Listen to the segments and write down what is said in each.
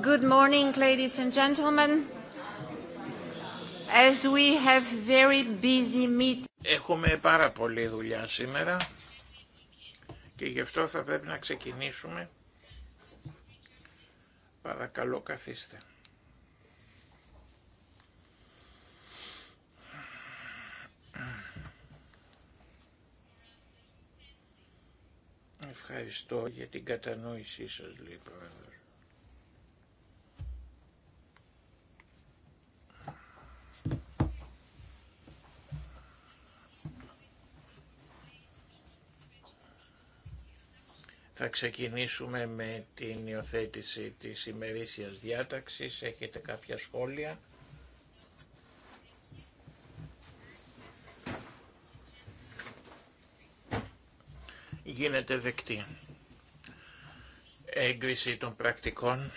Good morning, ladies and gentlemen. As we have very busy Έχουμε πάρα πολλή δουλειά σήμερα και γι' αυτό θα πρέπει να ξεκινήσουμε. Παρακαλώ καθίστε. Ευχαριστώ για την κατανόησή σας, λέει Θα ξεκινήσουμε με την υιοθέτηση της ημερήσιας διάταξης. Έχετε κάποια σχόλια. Γίνεται δεκτή. Έγκριση των πρακτικών.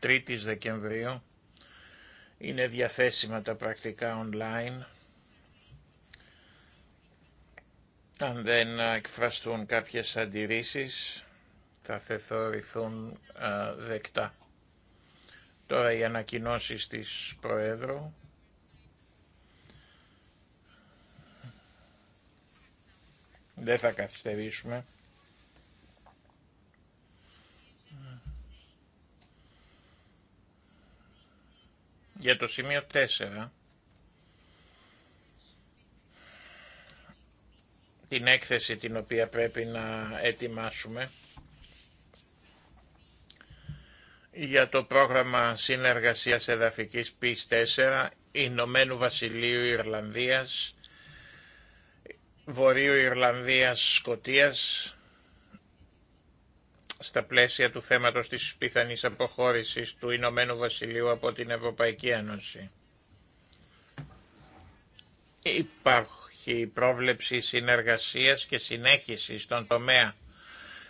3 Δεκεμβρίου. Είναι διαθέσιμα τα πρακτικά online. Αν δεν ε, εκφραστούν κάποιες αντιρρήσεις, θα θεωρηθούν ε, δεκτά. Τώρα οι ανακοινώσει της Προέδρου. Δεν θα καθυστερήσουμε. Για το σημείο 4, την έκθεση την οποία πρέπει να ετοιμάσουμε για το πρόγραμμα συνεργασίας εδαφικής εδαφικής 4 Ηνωμένου Βασιλείου Ιρλανδίας, Βορείου Ιρλανδίας, Σκοτίας, στα πλαίσια του θέματος της πιθανής αποχώρησης του Ηνωμένου Βασιλείου από την Ευρωπαϊκή Ένωση. Υπάρχουν υπάρχει πρόβλεψη συνεργασίας και συνέχιση στον τομέα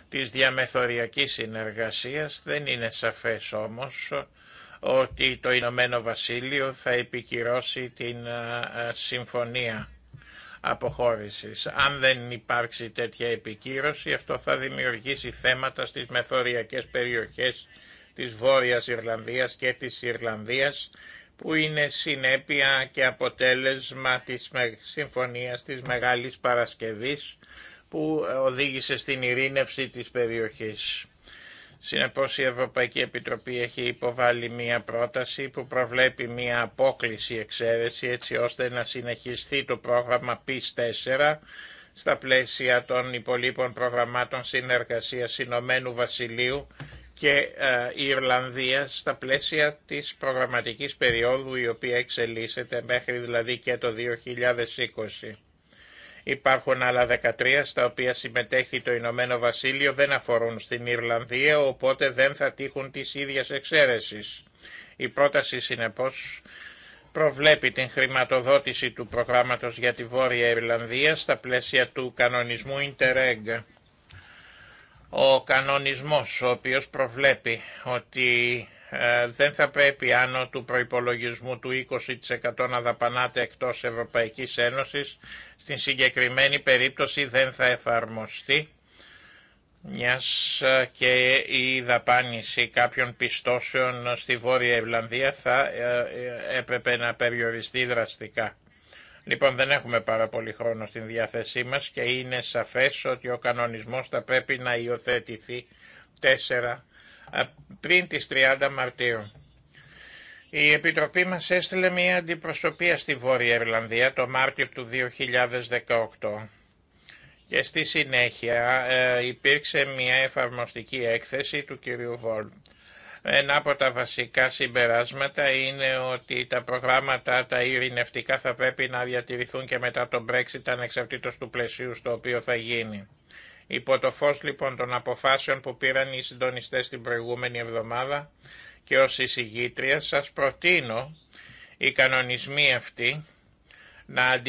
της διαμεθοριακής συνεργασίας. Δεν είναι σαφές όμως ότι το Ηνωμένο Βασίλειο θα επικυρώσει την συμφωνία αποχώρησης. Αν δεν υπάρξει τέτοια επικύρωση, αυτό θα δημιουργήσει θέματα στις μεθοριακές περιοχές της Βόρειας Ιρλανδίας και της Ιρλανδίας που είναι συνέπεια και αποτέλεσμα της Συμφωνίας της Μεγάλης Παρασκευής που οδήγησε στην ειρήνευση της περιοχής. Συνεπώς η Ευρωπαϊκή Επιτροπή έχει υποβάλει μία πρόταση που προβλέπει μία απόκληση εξαίρεση έτσι ώστε να συνεχιστεί το πρόγραμμα PIS4 στα πλαίσια των υπολείπων προγραμμάτων συνεργασίας Ηνωμένου Βασιλείου και ε, η Ιρλανδία στα πλαίσια της προγραμματικής περίοδου η οποία εξελίσσεται μέχρι δηλαδή και το 2020. Υπάρχουν άλλα 13 στα οποία συμμετέχει το Ηνωμένο Βασίλειο, δεν αφορούν στην Ιρλανδία, οπότε δεν θα τύχουν της ίδιας εξαίρεσης. Η πρόταση συνεπώς προβλέπει την χρηματοδότηση του προγράμματος για τη Βόρεια Ιρλανδία στα πλαίσια του κανονισμού Interreg ο κανονισμός ο οποίος προβλέπει ότι ε, δεν θα πρέπει άνω του προϋπολογισμού του 20% να δαπανάται εκτός Ευρωπαϊκής Ένωσης. Στην συγκεκριμένη περίπτωση δεν θα εφαρμοστεί μιας ε, και η δαπάνηση κάποιων πιστώσεων στη Βόρεια Ιρλανδία θα ε, έπρεπε να περιοριστεί δραστικά. Λοιπόν δεν έχουμε πάρα πολύ χρόνο στην διάθεσή μας και είναι σαφές ότι ο κανονισμός θα πρέπει να υιοθετηθεί 4 πριν τις 30 Μαρτίου. Η Επιτροπή μας έστειλε μια αντιπροσωπεία στη Βόρεια Ιρλανδία το Μάρτιο του 2018 και στη συνέχεια ε, υπήρξε μια εφαρμοστική έκθεση του κυρίου Βόλτ ένα από τα βασικά συμπεράσματα είναι ότι τα προγράμματα τα ειρηνευτικά θα πρέπει να διατηρηθούν και μετά τον Brexit ανεξαρτήτως του πλαισίου στο οποίο θα γίνει. Υπό το φως λοιπόν των αποφάσεων που πήραν οι συντονιστές την προηγούμενη εβδομάδα και ως εισηγήτρια σας προτείνω οι κανονισμοί αυτοί να,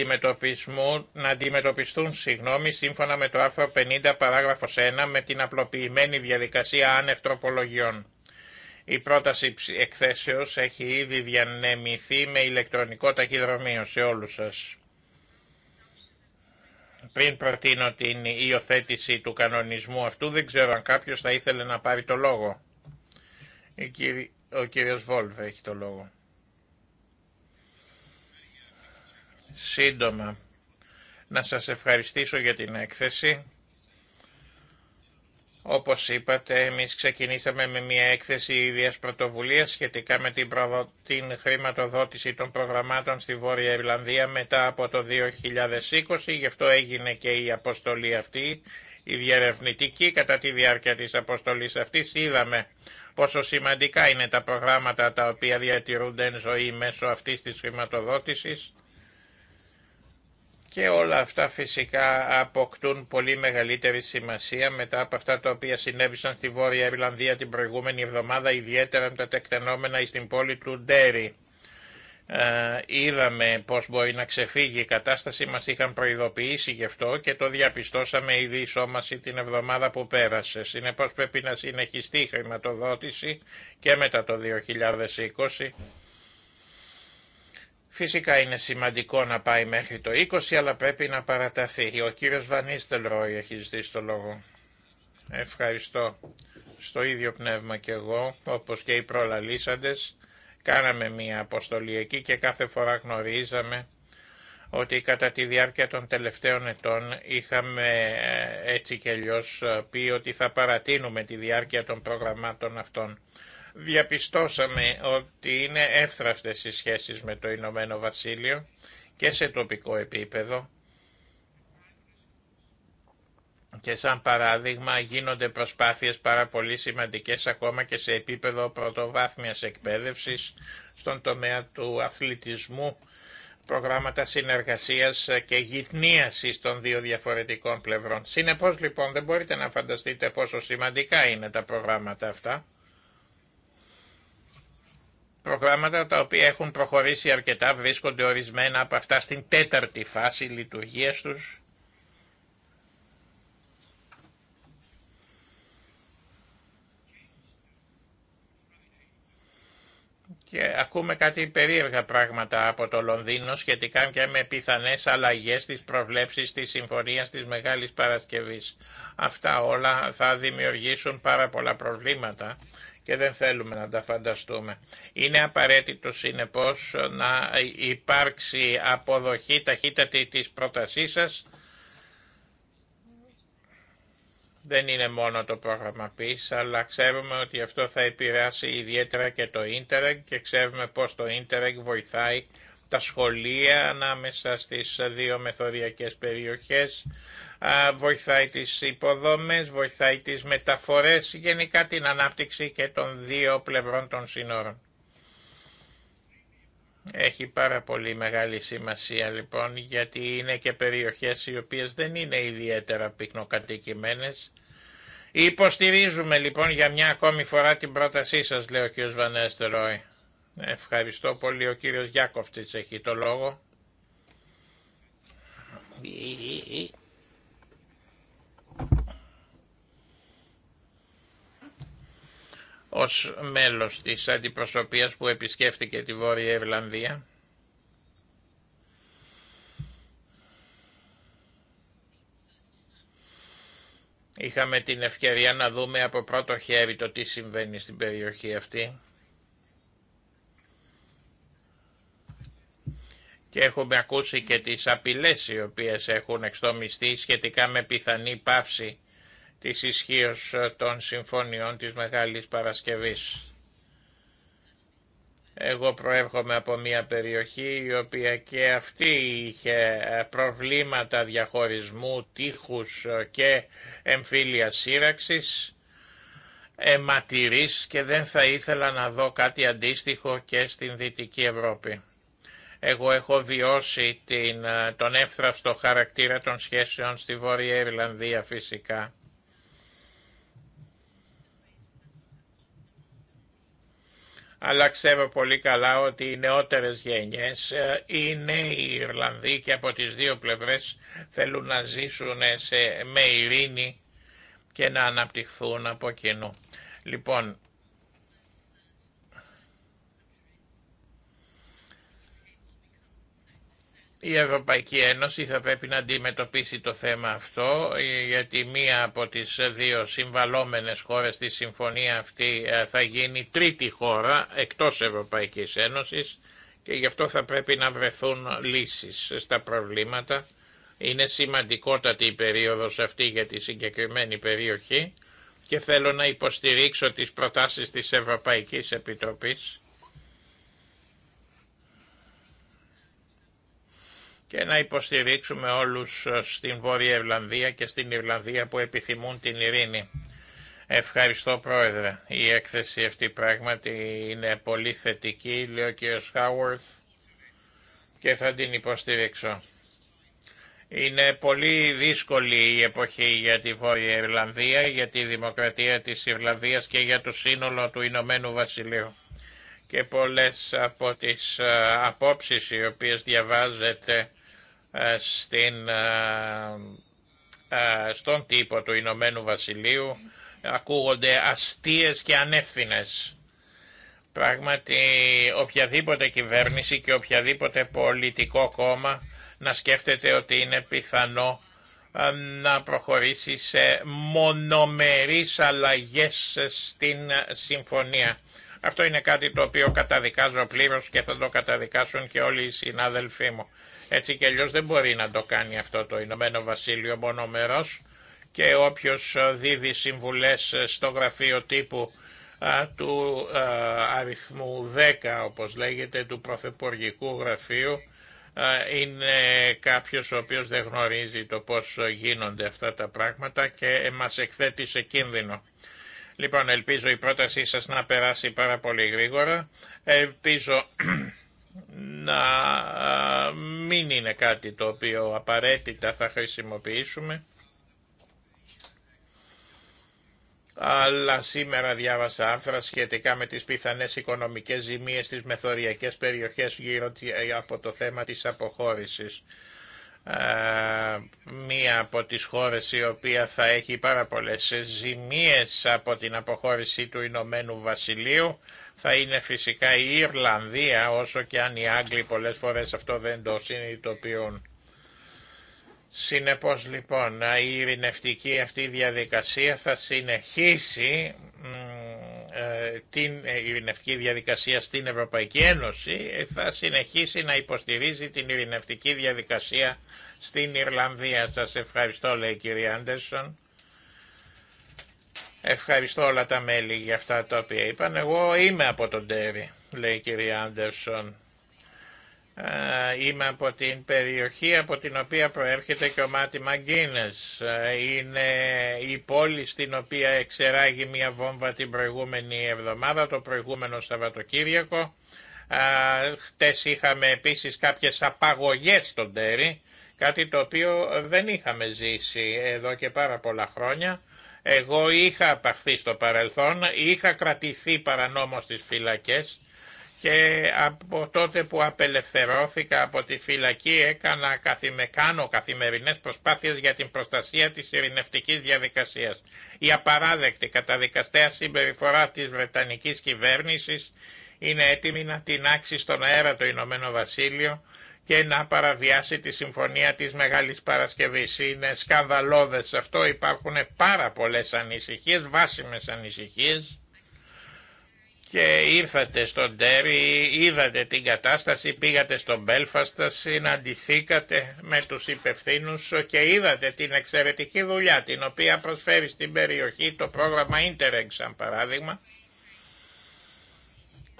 να αντιμετωπιστούν συγγνώμη, σύμφωνα με το άρθρο 50 παράγραφος 1 με την απλοποιημένη διαδικασία άνευ τροπολογιών. Η πρόταση εκθέσεως έχει ήδη διανεμηθεί με ηλεκτρονικό ταχυδρομείο σε όλους σας. Πριν προτείνω την υιοθέτηση του κανονισμού αυτού, δεν ξέρω αν κάποιος θα ήθελε να πάρει το λόγο. Ο κύριος Βόλβε έχει το λόγο. Σύντομα, να σας ευχαριστήσω για την έκθεση. Όπως είπατε, εμείς ξεκινήσαμε με μια έκθεση ίδιας πρωτοβουλίας σχετικά με την, την χρηματοδότηση των προγραμμάτων στη Βόρεια Ιρλανδία μετά από το 2020, γι' αυτό έγινε και η αποστολή αυτή, η διερευνητική. Κατά τη διάρκεια της αποστολής αυτής είδαμε πόσο σημαντικά είναι τα προγράμματα τα οποία διατηρούνται εν ζωή μέσω αυτής της χρηματοδότησης και όλα αυτά φυσικά αποκτούν πολύ μεγαλύτερη σημασία μετά από αυτά τα οποία συνέβησαν στη Βόρεια Ιρλανδία την προηγούμενη εβδομάδα, ιδιαίτερα με τα τεκτενόμενα στην πόλη του Ντέρι. Ε, είδαμε πώς μπορεί να ξεφύγει η κατάσταση, μας είχαν προειδοποιήσει γι' αυτό και το διαπιστώσαμε ήδη η σώμαση την εβδομάδα που πέρασε. Συνεπώς πρέπει να συνεχιστεί η χρηματοδότηση και μετά το 2020 Φυσικά είναι σημαντικό να πάει μέχρι το 20, αλλά πρέπει να παραταθεί. Ο κύριος Βανίστελ Ρόι έχει ζητήσει το λόγο. Ευχαριστώ. Στο ίδιο πνεύμα και εγώ, όπως και οι προλαλήσαντες, κάναμε μία αποστολή εκεί και κάθε φορά γνωρίζαμε ότι κατά τη διάρκεια των τελευταίων ετών είχαμε ε, έτσι και αλλιώς ε, πει ότι θα παρατείνουμε τη διάρκεια των προγραμμάτων αυτών. Διαπιστώσαμε ότι είναι εύθραστες οι σχέσεις με το Ηνωμένο Βασίλειο και σε τοπικό επίπεδο και σαν παράδειγμα γίνονται προσπάθειες πάρα πολύ σημαντικές ακόμα και σε επίπεδο πρωτοβάθμιας εκπαίδευσης στον τομέα του αθλητισμού, προγράμματα συνεργασίας και γυτνίασης των δύο διαφορετικών πλευρών. Συνεπώς λοιπόν δεν μπορείτε να φανταστείτε πόσο σημαντικά είναι τα προγράμματα αυτά Προγράμματα τα οποία έχουν προχωρήσει αρκετά βρίσκονται ορισμένα από αυτά στην τέταρτη φάση λειτουργία τους. Και ακούμε κάτι περίεργα πράγματα από το Λονδίνο σχετικά και με πιθανές αλλαγές στις προβλέψεις της Συμφωνίας της Μεγάλης Παρασκευής. Αυτά όλα θα δημιουργήσουν πάρα πολλά προβλήματα και δεν θέλουμε να τα φανταστούμε. Είναι απαραίτητο συνεπώς να υπάρξει αποδοχή ταχύτατη της πρότασής σας. Δεν είναι μόνο το πρόγραμμα PIS, αλλά ξέρουμε ότι αυτό θα επηρεάσει ιδιαίτερα και το Ίντερνετ και ξέρουμε πώς το ντερεγ βοηθάει τα σχολεία ανάμεσα στις δύο μεθοριακές περιοχές α βοηθάει τις υποδομές, βοηθάει τις μεταφορές, γενικά την ανάπτυξη και των δύο πλευρών των σύνορων. Έχει πάρα πολύ μεγάλη σημασία λοιπόν γιατί είναι και περιοχές οι οποίες δεν είναι ιδιαίτερα πυκνοκατοικημένες. Υποστηρίζουμε λοιπόν για μια ακόμη φορά την πρότασή σας λέει ο κ. Βανέστερόι. Ευχαριστώ πολύ ο κύριος Γιάκοφτης έχει το λόγο. ως μέλος της αντιπροσωπείας που επισκέφτηκε τη Βόρεια Ιρλανδία. Είχαμε την ευκαιρία να δούμε από πρώτο χέρι το τι συμβαίνει στην περιοχή αυτή. Και έχουμε ακούσει και τις απειλές οι οποίες έχουν εξτομιστεί σχετικά με πιθανή πάυση της ισχύω ε, των συμφωνιών της Μεγάλης Παρασκευής. Εγώ προέρχομαι από μια περιοχή η οποία και αυτή είχε ε, προβλήματα διαχωρισμού, τείχους ε, και εμφύλια σύραξης, αιματηρής και δεν θα ήθελα να δω κάτι αντίστοιχο και στην Δυτική Ευρώπη. Εγώ έχω βιώσει την, τον εύθραυστο χαρακτήρα των σχέσεων στη Βόρεια Ιρλανδία φυσικά αλλά ξέρω πολύ καλά ότι οι νεότερες γενιές, ε, οι Ιρλανδοί και από τις δύο πλευρές θέλουν να ζήσουν σε, με ειρήνη και να αναπτυχθούν από κοινού. Λοιπόν, Η Ευρωπαϊκή Ένωση θα πρέπει να αντιμετωπίσει το θέμα αυτό, γιατί μία από τις δύο συμβαλόμενες χώρες στη συμφωνία αυτή ε, θα γίνει τρίτη χώρα εκτός Ευρωπαϊκής Ένωσης και γι' αυτό θα πρέπει να βρεθούν λύσεις στα προβλήματα. Είναι σημαντικότατη η περίοδος αυτή για τη συγκεκριμένη περιοχή και θέλω να υποστηρίξω τις προτάσεις της Ευρωπαϊκής Επιτροπής και να υποστηρίξουμε όλους ε, στην Βόρεια Ιρλανδία και στην Ιρλανδία που επιθυμούν την ειρήνη. Ευχαριστώ Πρόεδρε. Η έκθεση αυτή πράγματι είναι πολύ θετική, λέει ο κ. Χάουαρθ, και θα την υποστηρίξω. Είναι πολύ δύσκολη η εποχή για τη Βόρεια Ιρλανδία, για τη δημοκρατία της Ιρλανδίας και για το σύνολο του Ηνωμένου Βασιλείου. Και πολλές από τις ε, απόψεις οι οποίες διαβάζεται... Ε, στην, ε, ε, στον τύπο του Ηνωμένου Βασιλείου ακούγονται αστείες και ανεύθυνες. Πράγματι οποιαδήποτε κυβέρνηση και οποιαδήποτε πολιτικό κόμμα να σκέφτεται ότι είναι πιθανό να προχωρήσει σε μονομερείς αλλαγές στην συμφωνία. Αυτό είναι κάτι το οποίο καταδικάζω πλήρως και θα το καταδικάσουν και όλοι οι συνάδελφοί μου. Έτσι κι αλλιώς δεν μπορεί να το κάνει αυτό το Ηνωμένο Βασίλειο μονομερός και όποιος ε, δίδει συμβουλές ε, στο γραφείο τύπου ε, του αριθμού 10 όπως λέγεται του Πρωθυπουργικού Γραφείου είναι κάποιος ο οποίος δεν γνωρίζει το πώς γίνονται αυτά τα πράγματα και μας εκθέτει σε κίνδυνο. Λοιπόν, ελπίζω η πρότασή σας να περάσει πάρα πολύ γρήγορα. Ελπίζω να μην είναι κάτι το οποίο απαραίτητα θα χρησιμοποιήσουμε. Αλλά σήμερα διάβασα άρθρα σχετικά με τις πιθανές οικονομικές ζημίες στις μεθοριακές περιοχές γύρω ε, από το θέμα της αποχώρησης. Μία από τις χώρες η οποία θα έχει πάρα πολλές ζημίες από την αποχώρηση του Ηνωμένου Βασιλείου θα είναι φυσικά η Ιρλανδία, όσο και αν οι Άγγλοι πολλές φορές αυτό δεν το συνειδητοποιούν. Συνεπώς λοιπόν η ειρηνευτική αυτή διαδικασία θα συνεχίσει ε, την ε, ειρηνευτική διαδικασία στην Ευρωπαϊκή Ένωση ε, θα συνεχίσει να υποστηρίζει την ειρηνευτική διαδικασία στην Ιρλανδία. Σας ευχαριστώ λέει κυρία Άντερσον. Ευχαριστώ όλα τα μέλη για αυτά τα οποία είπαν. Εγώ είμαι από τον Τέρι, λέει η κυρία Άντερσον. Ε, είμαι από την περιοχή από την οποία προέρχεται και ο Μάτι Μαγκίνες. Ε, είναι η πόλη στην οποία εξεράγει μια βόμβα την προηγούμενη εβδομάδα, το προηγούμενο Σαββατοκύριακο. Ε, χτες είχαμε επίσης κάποιες απαγωγές στον Τέρι, κάτι το οποίο δεν είχαμε ζήσει εδώ και πάρα πολλά χρόνια. Εγώ είχα απαχθεί στο παρελθόν, είχα κρατηθεί παρανόμως στις φυλακές και από τότε που απελευθερώθηκα από τη φυλακή έκανα καθημε, κάνω καθημερινές προσπάθειες για την προστασία της ειρηνευτικής διαδικασίας. Η απαράδεκτη καταδικαστέα συμπεριφορά της Βρετανικής κυβέρνησης είναι έτοιμη να την άξει στον αέρα το Ηνωμένο Βασίλειο και να παραβιάσει τη συμφωνία της Μεγάλης Παρασκευής. Είναι σκανδαλώδες αυτό, υπάρχουν πάρα πολλές ανησυχίες, βάσιμες ανησυχίες και ήρθατε στον Τέρι, είδατε την κατάσταση, πήγατε στον Μπέλφαστα, συναντηθήκατε με τους υπευθύνου και είδατε την εξαιρετική δουλειά την οποία προσφέρει στην περιοχή το πρόγραμμα Interreg σαν παράδειγμα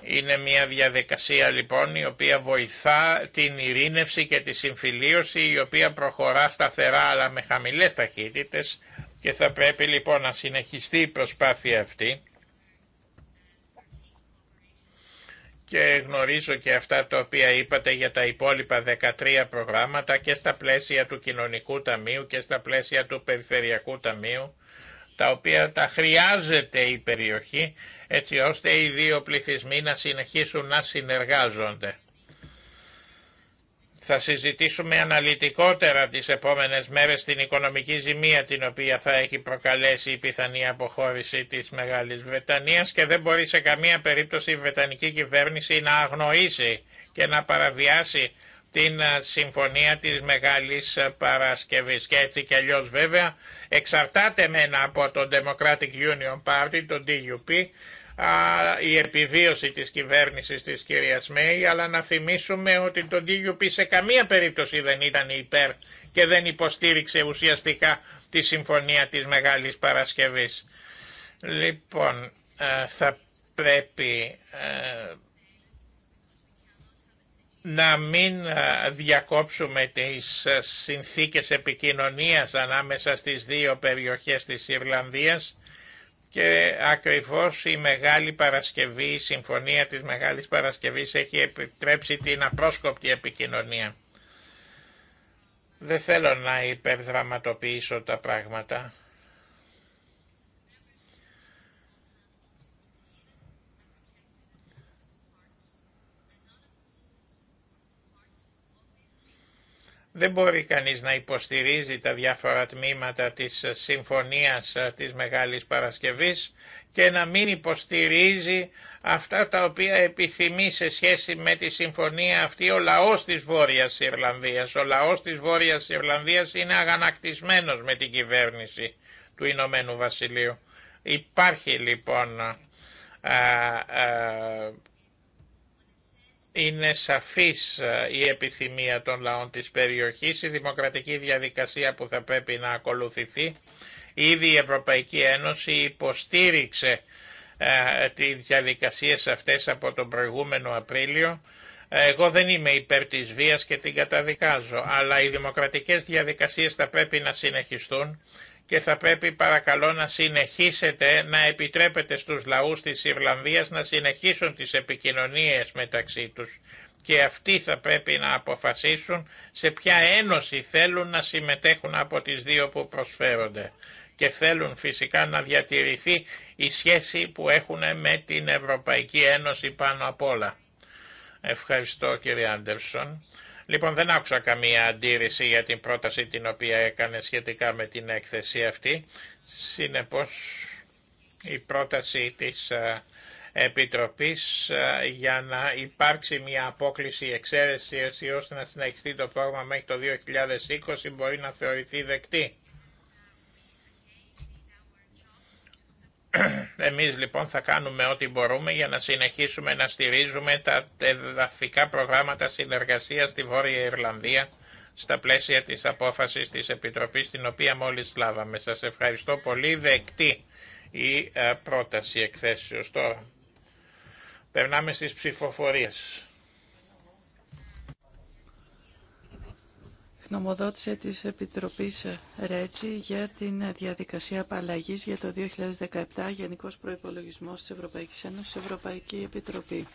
είναι μια διαδικασία λοιπόν η οποία βοηθά την ειρήνευση και τη συμφιλίωση η οποία προχωρά σταθερά αλλά με χαμηλές ταχύτητες και θα πρέπει λοιπόν να συνεχιστεί η προσπάθεια αυτή και γνωρίζω και αυτά τα οποία είπατε για τα υπόλοιπα 13 προγράμματα και στα πλαίσια του Κοινωνικού Ταμείου και στα πλαίσια του Περιφερειακού Ταμείου τα οποία τα χρειάζεται η περιοχή έτσι ώστε οι δύο πληθυσμοί να συνεχίσουν να συνεργάζονται. Θα συζητήσουμε αναλυτικότερα τις επόμενες μέρες την οικονομική ζημία την οποία θα έχει προκαλέσει η πιθανή αποχώρηση της Μεγάλης Βρετανίας και δεν μπορεί σε καμία περίπτωση η Βρετανική κυβέρνηση να αγνοήσει και να παραβιάσει την ε, συμφωνία της Μεγάλης ε, Παρασκευής. Και έτσι και αλλιώς βέβαια εξαρτάται μένα από το Democratic Union Party, το DUP, η επιβίωση της κυβέρνησης της κυρίας Μέη, αλλά να θυμίσουμε ότι το DUP σε καμία περίπτωση δεν ήταν υπέρ και δεν υποστήριξε ουσιαστικά τη συμφωνία της Μεγάλης Παρασκευής. Λοιπόν, ε, θα πρέπει να μην ε, διακόψουμε τις ε, συνθήκες επικοινωνίας ανάμεσα στις δύο περιοχές της Ιρλανδίας και ακριβώς η Μεγάλη Παρασκευή, η Συμφωνία της Μεγάλης Παρασκευής έχει επιτρέψει την απρόσκοπτη επικοινωνία. Δεν θέλω να υπερδραματοποιήσω τα πράγματα. Δεν μπορεί κανείς να υποστηρίζει τα διάφορα τμήματα της Συμφωνίας ε, της Μεγάλης Παρασκευής και να μην υποστηρίζει αυτά τα οποία επιθυμεί σε σχέση με τη συμφωνία αυτή ο λαός της Βόρειας Ιρλανδίας. Ο λαός της Βόρειας Ιρλανδίας είναι αγανακτισμένος με την κυβέρνηση του Ηνωμένου Βασιλείου. Υπάρχει λοιπόν ε, ε, είναι σαφής ε, η επιθυμία των λαών της περιοχής, η δημοκρατική διαδικασία που θα πρέπει να ακολουθηθεί. Ήδη η Ευρωπαϊκή Ένωση υποστήριξε ε, τις διαδικασίες αυτές από τον προηγούμενο Απρίλιο. Εγώ δεν είμαι υπέρ της βίας και την καταδικάζω, αλλά οι δημοκρατικές διαδικασίες θα πρέπει να συνεχιστούν και θα πρέπει παρακαλώ να συνεχίσετε να επιτρέπετε στους λαούς της Ιρλανδίας να συνεχίσουν τις επικοινωνίες μεταξύ τους και αυτοί θα πρέπει να αποφασίσουν σε ποια ένωση θέλουν να συμμετέχουν από τις δύο που προσφέρονται και θέλουν φυσικά να διατηρηθεί η σχέση που έχουν με την Ευρωπαϊκή Ένωση πάνω απ' όλα. Ευχαριστώ κύριε Άντερσον. Λοιπόν δεν άκουσα καμία αντίρρηση για την πρόταση την οποία έκανε σχετικά με την έκθεση αυτή. Συνεπώς η πρόταση της ε, Επιτροπής ε, για να υπάρξει μια απόκληση εξαίρεση ώστε να συνεχιστεί το πρόγραμμα μέχρι το 2020 μπορεί να θεωρηθεί δεκτή. Εμείς λοιπόν θα κάνουμε ό,τι μπορούμε για να συνεχίσουμε να στηρίζουμε τα εδαφικά προγράμματα συνεργασίας στη Βόρεια Ιρλανδία στα πλαίσια της απόφασης της Επιτροπής την οποία μόλις λάβαμε. Σας ευχαριστώ πολύ. Δεκτή η ε, πρόταση εκθέσεως τώρα. Περνάμε στις ψηφοφορίες. γνωμοδότησε της Επιτροπής Ρέτσι για την διαδικασία απαλλαγής για το 2017 Γενικός Προϋπολογισμός της Ευρωπαϊκής Ένωσης Ευρωπαϊκή Επιτροπή.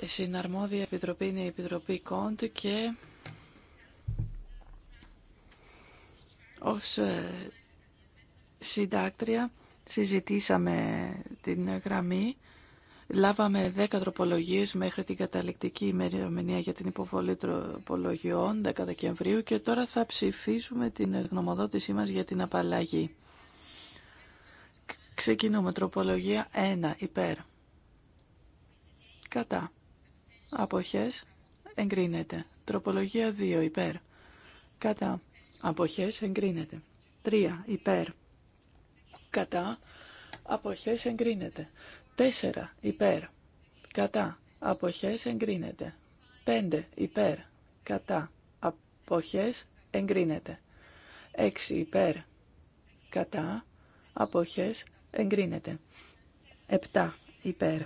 Η συναρμόδια επιτροπή είναι η Επιτροπή Κόντ και ως ε, συντάκτρια συζητήσαμε την γραμμή Λάβαμε 10 τροπολογίες μέχρι την καταληκτική ημερομηνία για την υποβολή τροπολογιών 10 Δεκεμβρίου και τώρα θα ψηφίσουμε την γνωμοδότησή μας για την απαλλαγή. Ξεκινούμε τροπολογία 1 υπέρ. Κατά. Αποχές εγκρίνεται. Τροπολογία 2 υπέρ. Κατά. Αποχές εγκρίνεται. 3 υπέρ. Κατά. Αποχές εγκρίνεται. 4 υπέρ κατά αποχές εγκρίνεται. 5 υπέρ κατά αποχές εγκρίνεται. 6 υπέρ κατά αποχές εγκρίνεται. 7 υπέρ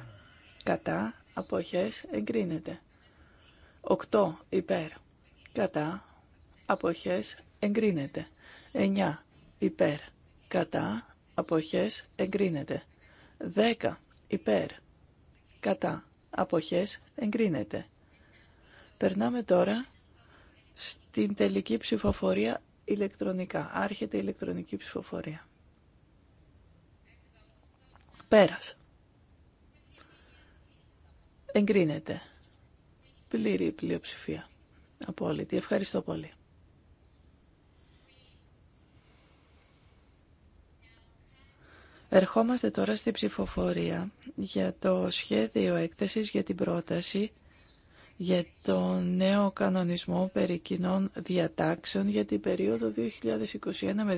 κατά αποχές εγκρίνεται. 8 υπέρ κατά αποχές εγκρίνεται. 9 υπέρ κατά αποχές εγκρίνεται. 10 υπέρ, κατά, αποχές, εγκρίνεται. Περνάμε τώρα στην τελική ψηφοφορία ηλεκτρονικά. Άρχεται η ηλεκτρονική ψηφοφορία. Πέρας. Εγκρίνεται. Πλήρη πλειοψηφία. Απόλυτη. Ευχαριστώ πολύ. Ερχόμαστε τώρα στην ψηφοφορία για το σχέδιο έκθεσης για την πρόταση για το νέο κανονισμό περί κοινών διατάξεων για την περίοδο 2021 με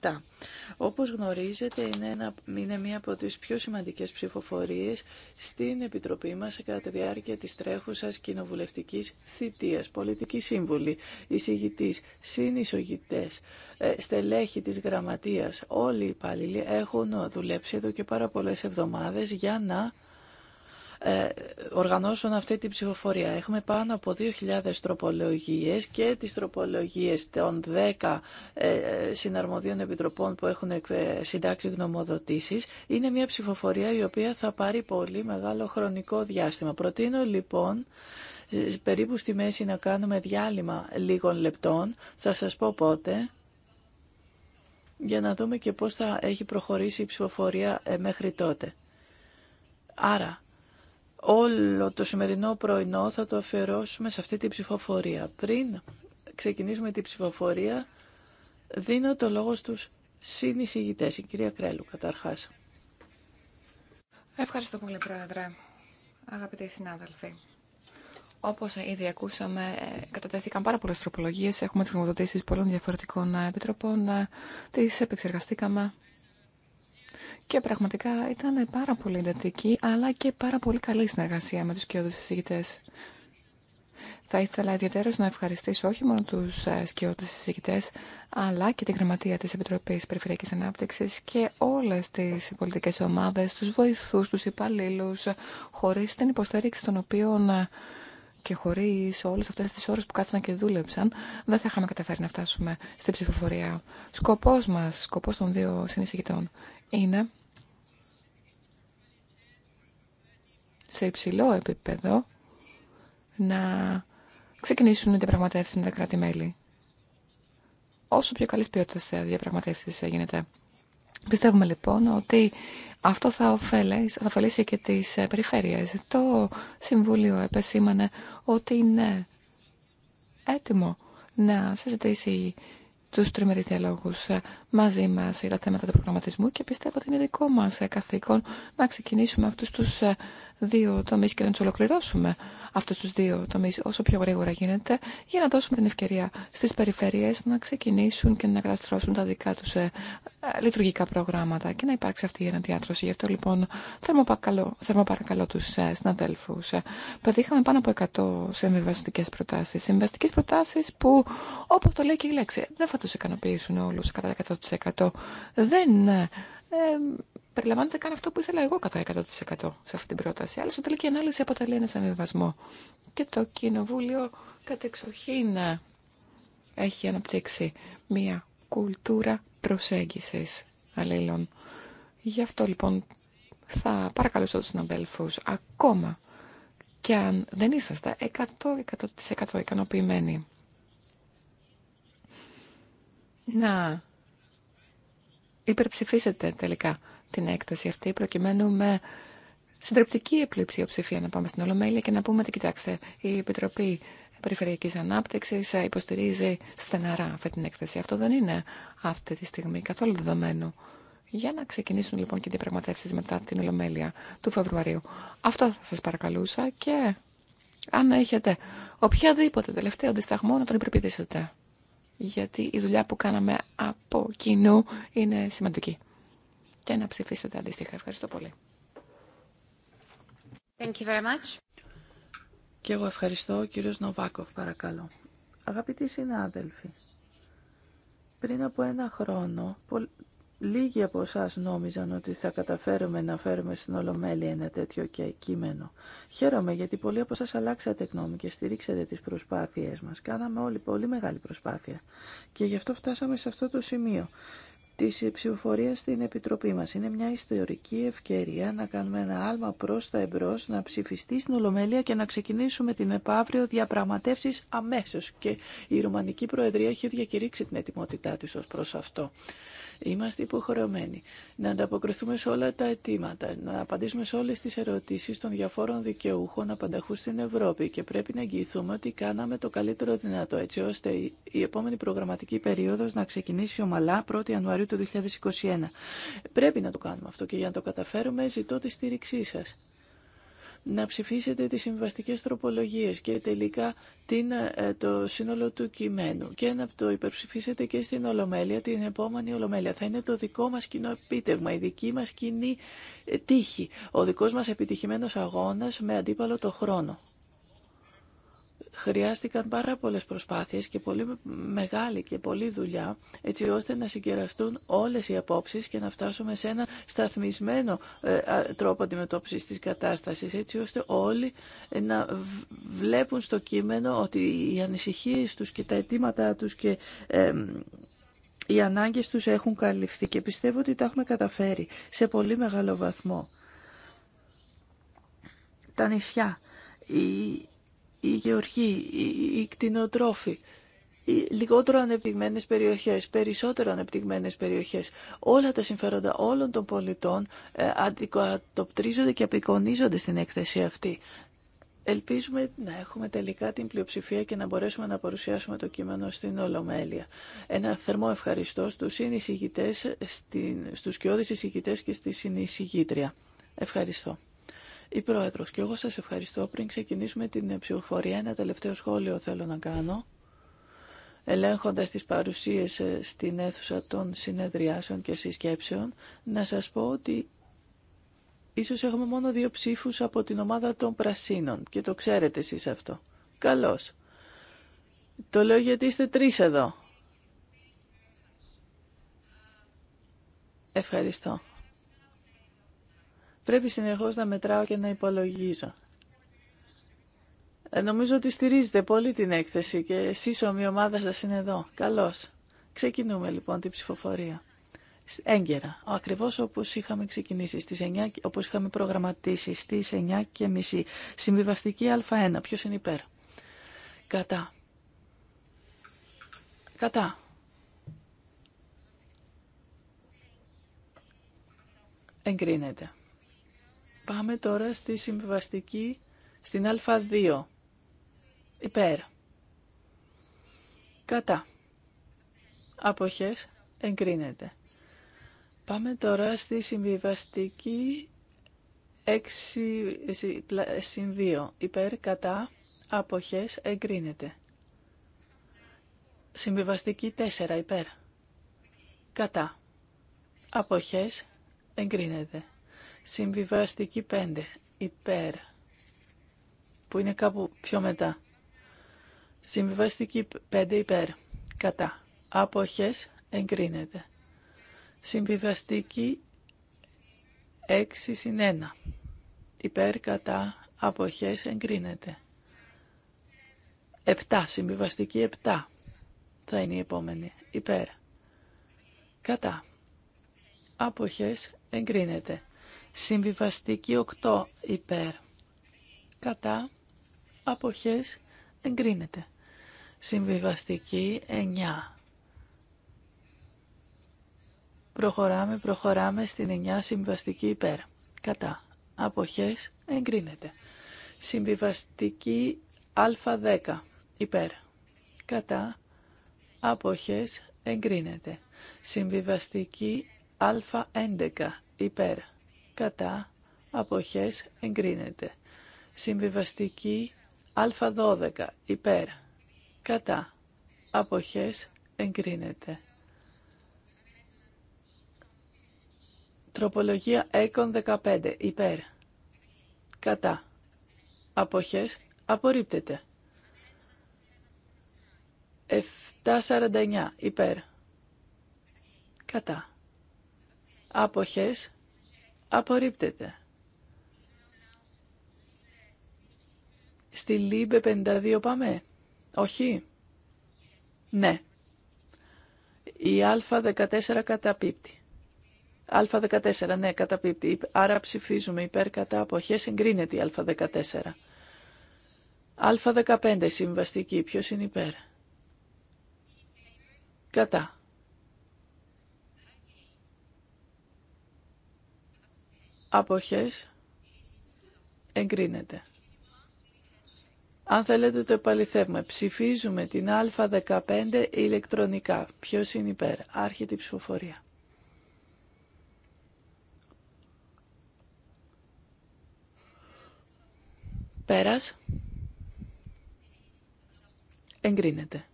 2027. Όπως γνωρίζετε είναι, ένα, μία από τις πιο σημαντικές ψηφοφορίες στην Επιτροπή μας κατά τη διάρκεια της τρέχουσας κοινοβουλευτικής θητείας, πολιτική σύμβουλοι, εισηγητής, συνεισογητές, ε, στελέχη της γραμματείας. Όλοι οι υπάλληλοι έχουν δουλέψει εδώ και πάρα πολλές εβδομάδες για να ε, οργανώσουν αυτή την ψηφοφορία. Έχουμε πάνω από 2.000 τροπολογίες και τις τροπολογίες των 10 ε, συναρμοδίων επιτροπών που έχουν συντάξει γνωμοδοτήσεις. Είναι μια ψηφοφορία η οποία θα πάρει πολύ μεγάλο χρονικό διάστημα. Προτείνω λοιπόν ε, περίπου στη μέση να κάνουμε διάλειμμα λίγων λεπτών. Θα σας πω πότε για να δούμε και πώς θα έχει προχωρήσει η ψηφοφορία μέχρι τότε. Άρα, όλο το σημερινό πρωινό θα το αφιερώσουμε σε αυτή την ψηφοφορία. Πριν ξεκινήσουμε την ψηφοφορία, δίνω το λόγο στους συνεισηγητές. Η κυρία Κρέλου, καταρχάς. Ευχαριστώ πολύ, Πρόεδρε. Αγαπητοί συνάδελφοι. Όπω ήδη ακούσαμε, κατατέθηκαν πάρα πολλέ τροπολογίε. Έχουμε τι γνωμοδοτήσει πολλών διαφορετικών επιτροπών. Τι επεξεργαστήκαμε και πραγματικά ήταν πάρα πολύ εντατική, αλλά και πάρα πολύ καλή συνεργασία με τους σκιώδους συζητητές. Θα ήθελα ιδιαίτερα να ευχαριστήσω όχι μόνο τους ε, σκιώδους συζητητές, αλλά και την Γραμματεία της Επιτροπής Περιφερειακής Ανάπτυξης και όλες τις πολιτικές ομάδες, τους βοηθούς, τους υπαλλήλου, χωρίς την υποστήριξη των οποίων ε, και χωρί όλε αυτέ τι ώρε που κάτσαν και δούλεψαν, δεν θα είχαμε καταφέρει να φτάσουμε στην ψηφοφορία. Σκοπό μα, σκοπό των δύο συνεισηγητών, είναι σε υψηλό επίπεδο να ξεκινήσουν οι διαπραγματεύσεις με τα κράτη-μέλη. Όσο πιο καλή ποιότητα διαπραγματεύσει γίνεται. Πιστεύουμε λοιπόν ότι αυτό θα ωφελήσει, θα ωφελήσει και τις ε, περιφέρειες. Το Συμβούλιο επεσήμανε ότι είναι έτοιμο να συζητήσει τους τριμερείς διαλόγους μαζί μα για τα θέματα του προγραμματισμού και πιστεύω ότι είναι δικό μα ε, καθήκον να ξεκινήσουμε αυτού του ε, δύο τομεί και να του ολοκληρώσουμε αυτού του δύο τομεί όσο πιο γρήγορα γίνεται για να δώσουμε την ευκαιρία στι περιφερειέ να ξεκινήσουν και να καταστρώσουν τα δικά του ε, λειτουργικά προγράμματα και να υπάρξει αυτή η αναδιάτρωση. Γι' αυτό λοιπόν θερμοπαρακαλώ, παρακαλώ τους συναδέλφους. Πετύχαμε πάνω από 100 συμβιβαστικέ προτάσει. Συμβιβαστικέ προτάσει που όπω το λέει και η λέξη δεν θα του ικανοποιήσουν όλου κατά 100%. Δεν ε, ε, περιλαμβάνεται καν αυτό που ήθελα εγώ κατά 100% σε αυτή την πρόταση. Αλλά στο τελική ανάλυση αποτελεί ένα συμβιβασμό. Και το Κοινοβούλιο κατεξοχήν ε, έχει αναπτύξει μία κουλτούρα προσέγγισης αλλήλων. Γι' αυτό λοιπόν θα παρακαλώ τους συναδέλφους ακόμα και αν δεν είσαστε 100% ικανοποιημένοι να υπερψηφίσετε τελικά την έκθεση αυτή προκειμένου με συντριπτική πλειοψηφία να πάμε στην Ολομέλεια και να πούμε ότι κοιτάξτε η Επιτροπή Περιφερειακής Ανάπτυξη υποστηρίζει στεναρά αυτή την έκθεση. Αυτό δεν είναι αυτή τη στιγμή καθόλου δεδομένο. Για να ξεκινήσουν λοιπόν και οι διαπραγματεύσει μετά την Ολομέλεια του Φεβρουαρίου. Αυτό θα σα παρακαλούσα και αν έχετε οποιαδήποτε τελευταίο δισταγμό να τον υπερπηδήσετε γιατί η δουλειά που κάναμε από κοινού είναι σημαντική. Και να ψηφίσετε αντίστοιχα. Ευχαριστώ πολύ. Thank you very much. Και εγώ ευχαριστώ, κύριος Νοβάκοφ, παρακαλώ. Αγαπητοί συνάδελφοι, πριν από ένα χρόνο Λίγοι από εσά νόμιζαν ότι θα καταφέρουμε να φέρουμε στην Ολομέλεια ένα τέτοιο και κείμενο. Χαίρομαι γιατί πολλοί από εσά αλλάξατε γνώμη και στηρίξατε τι προσπάθειέ μα. Κάναμε όλοι πολύ μεγάλη προσπάθεια. Και γι' αυτό φτάσαμε σε αυτό το σημείο τη ψηφοφορία στην Επιτροπή μα. Είναι μια ιστορική ευκαιρία να κάνουμε ένα άλμα προ τα εμπρό, να ψηφιστεί στην Ολομέλεια και να ξεκινήσουμε την επαύριο διαπραγματεύσει αμέσω. Και η Ρουμανική Προεδρία έχει διακηρύξει την ετοιμότητά τη ω προ αυτό. Είμαστε υποχρεωμένοι να ανταποκριθούμε σε όλα τα αιτήματα, να απαντήσουμε σε όλες τις ερωτήσεις των διαφόρων δικαιούχων απανταχού στην Ευρώπη και πρέπει να εγγυηθούμε ότι κάναμε το καλύτερο δυνατό έτσι ώστε η επόμενη προγραμματική περίοδος να ξεκινήσει ομαλά 1η Ιανουαρίου του 2021. Πρέπει να το κάνουμε αυτό και για να το καταφέρουμε ζητώ τη στήριξή σας να ψηφίσετε τις συμβαστικές τροπολογίες και τελικά την, ε, το σύνολο του κειμένου και να το υπερψηφίσετε και στην Ολομέλεια, την επόμενη Ολομέλεια. Θα είναι το δικό μας κοινό επίτευγμα, η δική μας κοινή τύχη, ο δικός μας επιτυχημένος αγώνας με αντίπαλο το χρόνο χρειάστηκαν πάρα πολλές προσπάθειες και πολύ μεγάλη και πολλή δουλειά έτσι ώστε να συγκεραστούν όλες οι απόψεις και να φτάσουμε σε ένα σταθμισμένο ε, τρόπο αντιμετώπισης της κατάστασης έτσι ώστε όλοι ε, να βλέπουν στο κείμενο ότι οι ανησυχίες τους και τα αιτήματά τους και οι ανάγκες τους έχουν καλυφθεί και πιστεύω ότι τα έχουμε καταφέρει σε πολύ μεγάλο βαθμό. Τα νησιά, οι γεωργοί, οι κτηνοτρόφοι, οι λιγότερο ανεπτυγμένε περιοχέ, περισσότερο ανεπτυγμένε περιοχές. Όλα τα συμφέροντα όλων των πολιτών ε, αντικατοπτρίζονται και απεικονίζονται στην έκθεση αυτή. Ελπίζουμε να έχουμε τελικά την πλειοψηφία και να μπορέσουμε να παρουσιάσουμε το κείμενο στην Ολομέλεια. Ένα θερμό ευχαριστώ στου συνεισηγητέ, στου κοιόδη εισηγητές και στη συνεισηγήτρια. Ευχαριστώ η Πρόεδρος. Και εγώ σας ευχαριστώ. Πριν ξεκινήσουμε την ε, ψηφοφορία, ένα τελευταίο σχόλιο θέλω να κάνω. Ελέγχοντας τις παρουσίες ε, στην αίθουσα των συνεδριάσεων και συσκέψεων, να σας πω ότι ίσως έχουμε μόνο δύο ψήφους από την ομάδα των Πρασίνων και το ξέρετε εσείς αυτό. Καλώς. Το λέω γιατί είστε τρεις εδώ. Ευχαριστώ. Πρέπει συνεχώς να μετράω και να υπολογίζω. Ε, νομίζω ότι στηρίζετε πολύ την έκθεση και εσείς η ομάδα σας είναι εδώ. Καλώς. Ξεκινούμε λοιπόν την ψηφοφορία. Έγκαιρα, ακριβώς όπως είχαμε ξεκινήσει, στις 9, όπως είχαμε προγραμματίσει στις 9 και μισή. Συμβιβαστική Α1, ποιος είναι υπέρ. Κατά. Κατά. Εγκρίνεται. Πάμε τώρα στη συμβιβαστική, στην α2. Υπέρ. Κατά. Αποχές εγκρίνεται. Πάμε τώρα στη συμβιβαστική 6 συν 2. Υπέρ, κατά, αποχές εγκρίνεται. Συμβιβαστική 4 υπέρ. Κατά. Αποχές εγκρίνεται. Συμβιβαστική 5. Υπέρ. Που είναι κάπου πιο μετά. Συμβιβαστική 5 υπέρ. Κατά. Αποχές εγκρίνεται. Συμβιβαστική 6 συν 1. Υπέρ κατά αποχές εγκρίνεται. 7. Συμβιβαστική 7 θα είναι η επόμενη. Υπέρ. Κατά. Αποχές εγκρίνεται. Συμβιβαστική 8 υπέρ. Κατά αποχές εγκρίνεται. Συμβιβαστική 9. Προχωράμε, προχωράμε στην 9 συμβιβαστική υπέρ. Κατά. Αποχές εγκρίνεται. Συμβιβαστική α10 υπέρ. Κατά. Αποχές εγκρίνεται. Συμβιβαστική α11 υπέρ κατά, αποχές, εγκρίνεται. Συμβιβαστική α12 υπέρ, κατά, αποχές, εγκρίνεται. Τροπολογία έκον 15 υπέρ, κατά, αποχές, απορρίπτεται. 749 υπέρ, κατά. Άποχες Απορρίπτεται. Στη ΛΥΜΠΕ 52 πάμε. Όχι. Ναι. Η Α14 καταπίπτει. Α14, ναι, καταπίπτει. Άρα ψηφίζουμε υπέρ κατά αποχές, εγκρίνεται η Α14. Α15 συμβαστική, ποιος είναι υπέρ. Κατά. αποχές εγκρίνεται. Αν θέλετε το επαληθεύουμε. Ψηφίζουμε την Α15 ηλεκτρονικά. Ποιος είναι υπέρ. Άρχεται η ψηφοφορία. Πέρας. Εγκρίνεται.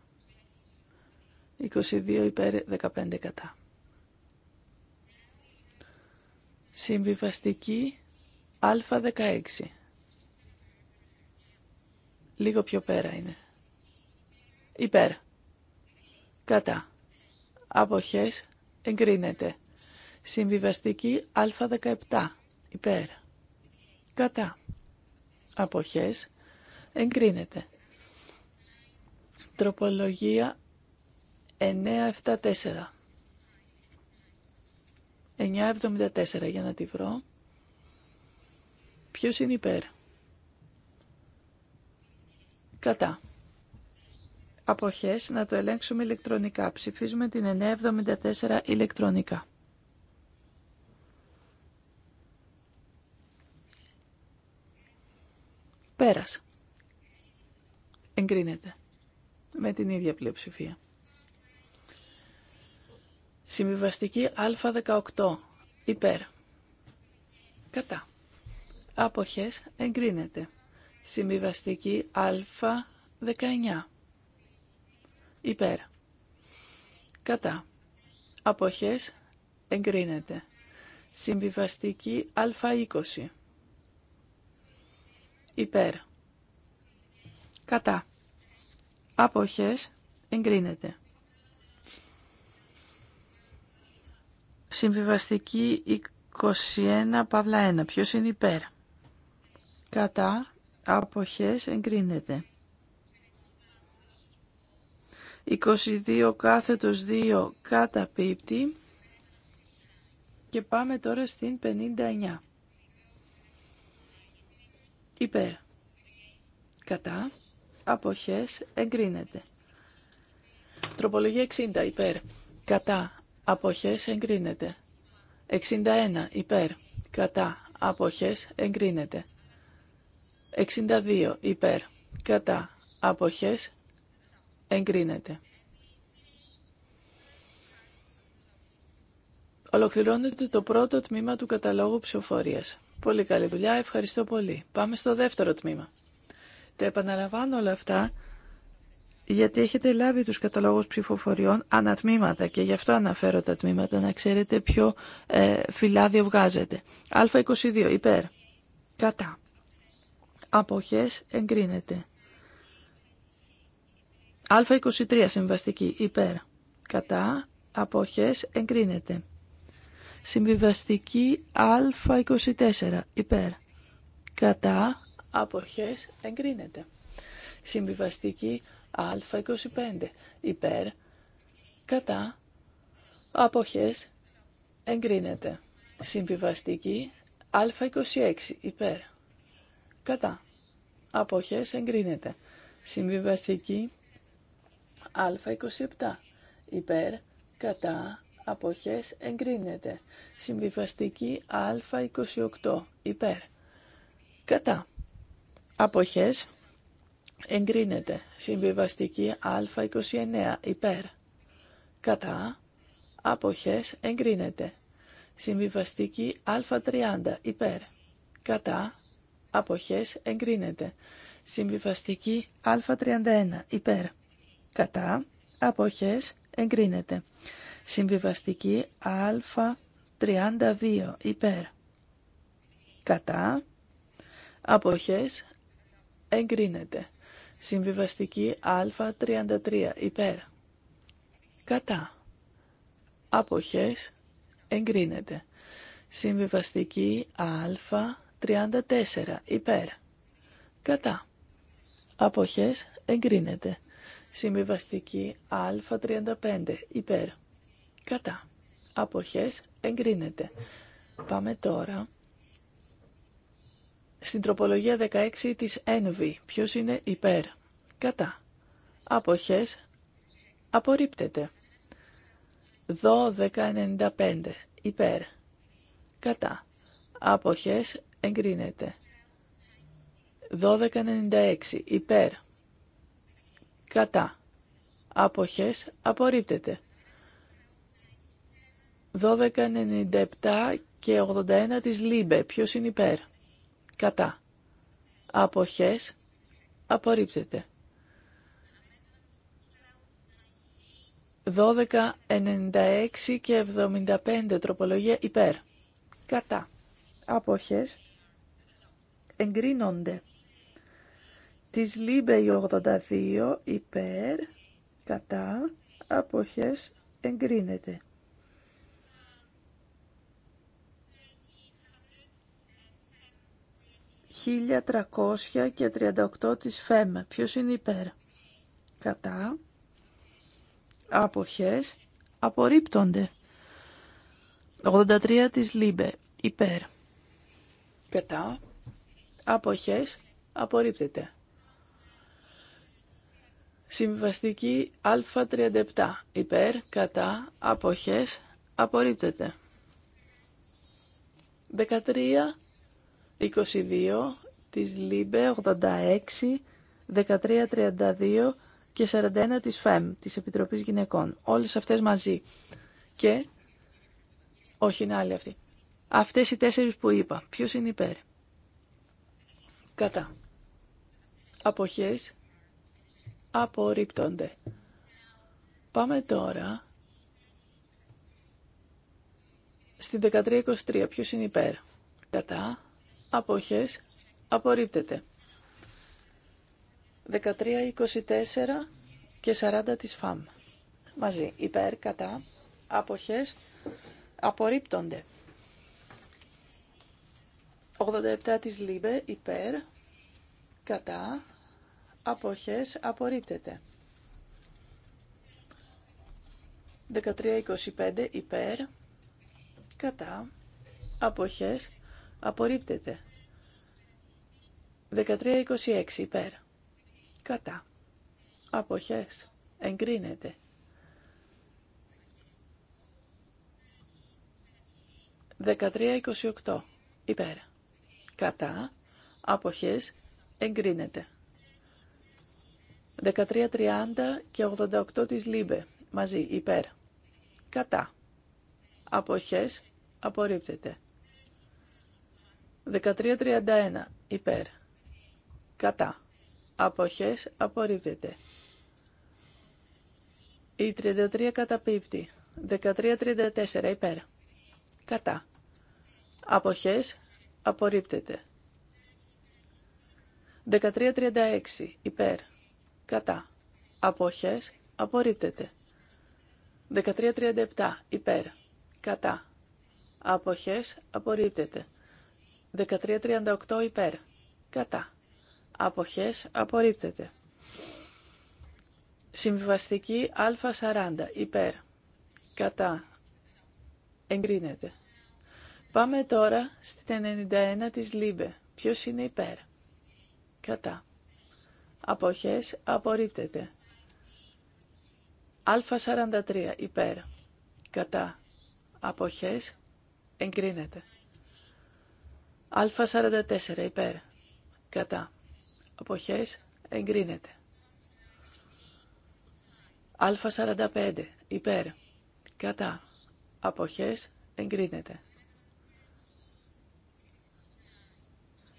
22 υπέρ 15 κατά. Συμβιβαστική Α16. Λίγο πιο πέρα είναι. Υπέρ. Κατά. Αποχές εγκρίνεται. Συμβιβαστική Α17. Υπέρ. Κατά. Αποχές εγκρίνεται. Τροπολογία 974. 974 για να τη βρω. Ποιος είναι υπέρ. Κατά. Αποχές να το ελέγξουμε ηλεκτρονικά. Ψηφίζουμε την 974 ηλεκτρονικά. Πέρας. Εγκρίνεται. Με την ίδια πλειοψηφία. Συμβιβαστική Α18. Υπέρ. Κατά. Άποχες εγκρίνεται. Συμβιβαστική Α19. Υπέρ. Κατά. Αποχές εγκρίνεται. Συμβιβαστική Α20. Υπέρ. Κατά. Αποχές εγκρίνεται. Συμβιβαστική 21 παύλα 1. Ποιος είναι υπέρ. Κατά αποχές εγκρίνεται. 22 κάθετος 2 καταπίπτει. Και πάμε τώρα στην 59. Υπέρ. Κατά. Αποχές εγκρίνεται. Τροπολογία 60. Υπέρ. Κατά αποχές εγκρίνεται. 61 υπέρ, κατά, αποχές εγκρίνεται. 62 υπέρ, κατά, αποχές εγκρίνεται. Ολοκληρώνεται το πρώτο τμήμα του καταλόγου ψηφοφορίας. Πολύ καλή δουλειά, ευχαριστώ πολύ. Πάμε στο δεύτερο τμήμα. Τα επαναλαμβάνω όλα αυτά γιατί έχετε λάβει τους καταλόγους ψηφοφοριών ανατμήματα και γι' αυτό αναφέρω τα τμήματα, να ξέρετε ποιο ε, φυλάδιο βγάζετε. Α22 υπέρ, κατά, αποχές εγκρίνεται. Α23 συμβαστική υπέρ, κατά, αποχές εγκρίνεται. Συμβιβαστική Α24 υπέρ, κατά, αποχές εγκρίνεται. Συμβιβαστική α α25 υπέρ κατά αποχές εγκρίνεται. Συμβιβαστική α26 υπέρ κατά αποχές εγκρίνεται. Συμβιβαστική α27 υπέρ κατά αποχές εγκρίνεται. Συμβιβαστική α28 υπέρ κατά αποχές εγκρίνεται. Συμβιβαστική α29 υπέρ. Κατά αποχές εγκρίνεται. Συμβιβαστική α30 υπέρ. Κατά αποχές εγκρίνεται. Συμβιβαστική α31 υπέρ. Κατά αποχές εγκρίνεται. Συμβιβαστική α32 υπέρ. Κατά αποχές εγκρίνεται. Συμβιβαστική Α33 υπέρ. Κατά. Αποχές εγκρίνεται. Συμβιβαστική Α34 υπέρ. Κατά. Αποχές εγκρίνεται. Συμβιβαστική Α35 υπέρ. Κατά. Αποχές εγκρίνεται. Πάμε τώρα στην τροπολογία 16 της ένβη. Ποιος είναι υπέρ. Κατά. Αποχές. Απορρίπτεται. 12.95. Υπέρ. Κατά. Αποχές. Εγκρίνεται. 12.96. Υπέρ. Κατά. Αποχές. Απορρίπτεται. 12.97 και 81 της Λίμπε. Ποιος είναι υπέρ κατά αποχές απορρίπτεται. 12, 96 και 75 τροπολογία υπέρ. Κατά. Απόχες εγκρίνονται. Της η 82 υπέρ. Κατά. Απόχες εγκρίνεται. 1338 της ΦΕΜ. Ποιος είναι υπέρ. Κατά. Αποχές. Απορρίπτονται. 83 της ΛΥΜΠΕ. Υπέρ. Κατά. Αποχές. Απορρίπτεται. Συμβαστική Α37. Υπέρ. Κατά. Αποχές. Απορρίπτεται. 13 22 της ΛΥΜΠΕ, 86, 1332 και 41 της ΦΕΜ, της Επιτροπής Γυναικών. Όλες αυτές μαζί. Και, όχι είναι άλλη αυτή. Αυτές οι τέσσερις που είπα, ποιος είναι υπέρ. Κατά. Αποχές απορρίπτονται. Πάμε τώρα στην 1323. Ποιος είναι υπέρ. Κατά αποχές απορρίπτεται. 13, 24 και 40 της ΦΑΜ. Μαζί. Υπέρ, κατά, αποχές απορρίπτονται. 87 της ΛΥΜΕ υπέρ, κατά, αποχές απορρίπτεται. 13-25 υπέρ, κατά, αποχές απορριπτεται 13.26. υπέρ. Κατά. Αποχές. 13.28. υπέρ. Κατά. Αποχές. 13.30 και 88 της Λίμπε. Μαζί. Υπέρ. Κατά. Αποχές. Απορρίπτεται. 1331 υπέρ. Κατά. Αποχές απορρίπτεται. Η 33 καταπίπτει. 1334 υπέρ. Κατά. Αποχές απορρίπτεται. 1336 υπέρ. Κατά. Αποχές απορρίπτεται. 1337 υπέρ. Κατά. Αποχές απορρίπτεται. 1338 υπέρ. Κατά. Αποχές απορρίπτεται. Συμβιβαστική α40 υπέρ. Κατά. Εγκρίνεται. Πάμε τώρα στην 91 της Λίμπε. Ποιος είναι υπέρ. Κατά. Αποχές απορρίπτεται. Α43 υπέρ. Κατά. Αποχές εγκρίνεται. Α44 υπέρ. Κατά. Αποχές εγκρίνεται. Α45 υπέρ. Κατά. Αποχές εγκρίνεται.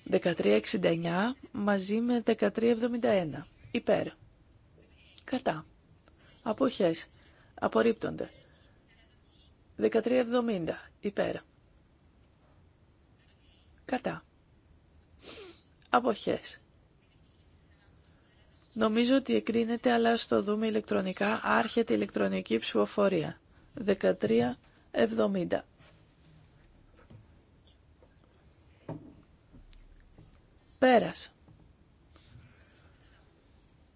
1369 μαζί με 1371 υπέρ. Κατά. Αποχές απορρίπτονται. 1370 υπέρ. Κατά. Αποχές. Νομίζω ότι εκρίνεται, αλλά στο το δούμε ηλεκτρονικά. Άρχεται ηλεκτρονική ψηφοφορία. 13.70. Πέρας.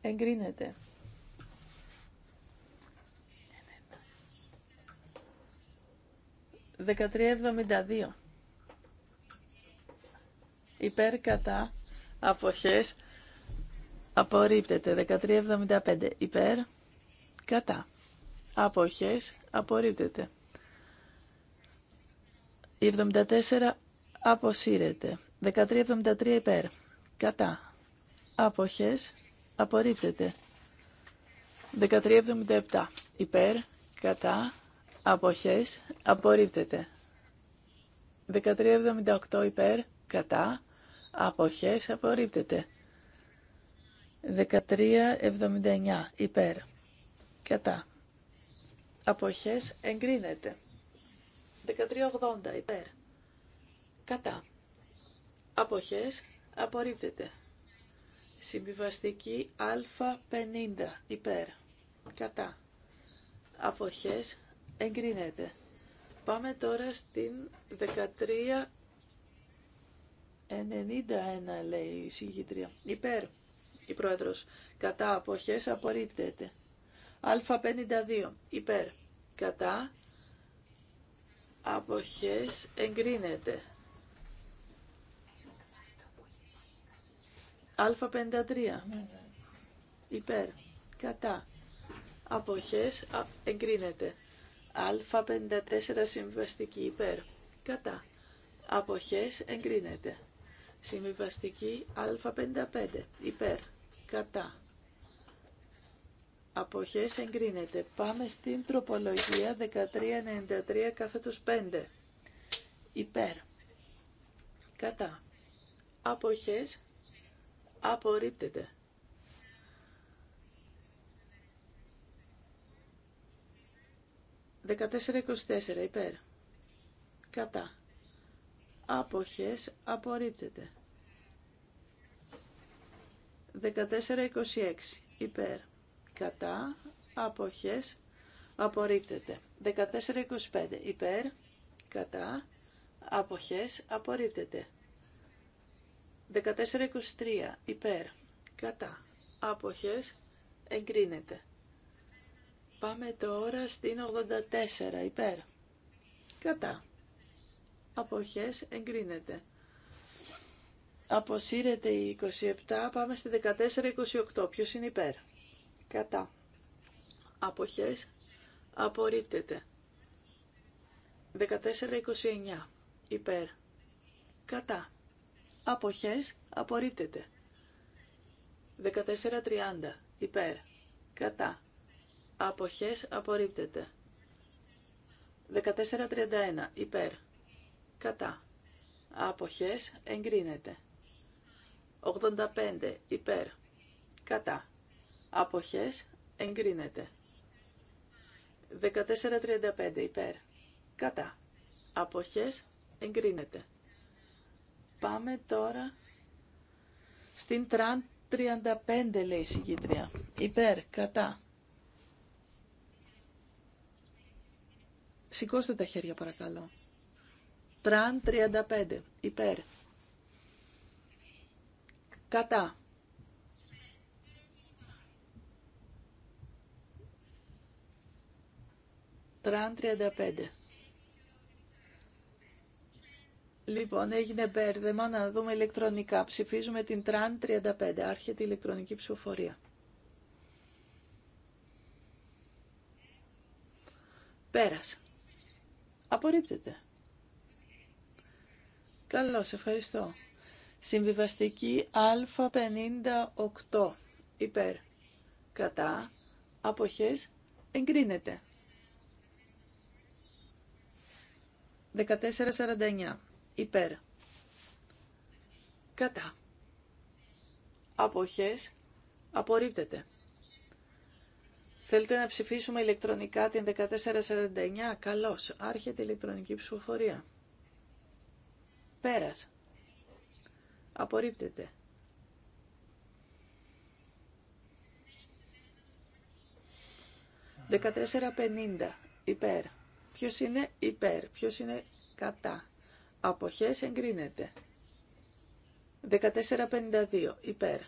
Εγκρίνεται. Δεκατρία εβδομήντα δύο υπέρ κατά αποχές απορρίπτεται 1375 υπέρ κατά αποχές απορρίπτεται 74 αποσύρεται 1373 υπέρ κατά αποχές απορρίπτεται 1377 υπέρ κατά αποχές απορρίπτεται 1378 υπέρ κατά αποχές απορρίπτεται. 13.79 υπέρ κατά αποχές εγκρίνεται. 13.80 υπέρ κατά αποχές απορρίπτεται. Συμβιβαστική α50 υπέρ κατά αποχές εγκρίνεται. Πάμε τώρα στην 13 91 λέει η συγγήτρια. Υπέρ η πρόεδρος. Κατά αποχές απορρίπτεται. Α52 υπέρ. Κατά αποχές εγκρίνεται. Α53 υπέρ. Κατά αποχές εγκρίνεται. Α54 συμβαστική υπέρ. Κατά αποχές εγκρίνεται. Συμβιβαστική α55 υπέρ κατά αποχές εγκρίνεται. Πάμε στην τροπολογία 1393 κάθετος 5 υπέρ κατά αποχές απορρίπτεται. 1424, υπέρ. Κατά. Αποχές 1426. υπέρ. Κατά. Αποχές απορριπτεται 1425. υπέρ. Κατά. Αποχές απορρίπτεται. 1423. υπέρ. Κατά. Αποχές εγκρίνεται. Πάμε τώρα στην 84 υπέρ. Κατά αποχές εγκρίνεται. Αποσύρεται η 27, πάμε στη 14-28. Ποιος είναι υπέρ. Κατά. Αποχές απορρίπτεται. 14-29. Υπέρ. Κατά. Αποχές απορρίπτεται. 14-30. Υπέρ. Κατά. Αποχές απορρίπτεται. 14-31. Υπέρ κατά αποχές εγκρίνεται 85 υπέρ κατά αποχές εγκρίνεται 1435 υπέρ κατά αποχές εγκρίνεται πάμε τώρα στην τραν 35 λέει η συγκήτρια υπέρ κατά Σηκώστε τα χέρια παρακαλώ. Τραν 35. Υπέρ. Κατά. Τραν 35. Λοιπόν, έγινε μπέρδεμα να δούμε ηλεκτρονικά. Ψηφίζουμε την Τραν 35. Άρχεται η ηλεκτρονική ψηφοφορία. Πέρασε. Απορρίπτεται. Καλώς, ευχαριστώ. Συμβιβαστική Α58 υπέρ κατά αποχές εγκρίνεται. 1449 υπέρ κατά αποχές απορρίπτεται. Θέλετε να ψηφίσουμε ηλεκτρονικά την 1449. Καλώς. Άρχεται η ηλεκτρονική ψηφοφορία. Πέρας. Απορρίπτεται. 14.50. Υπέρ. Ποιος είναι υπέρ. Ποιος είναι κατά. Αποχές εγκρίνεται. 1452. Υπέρ.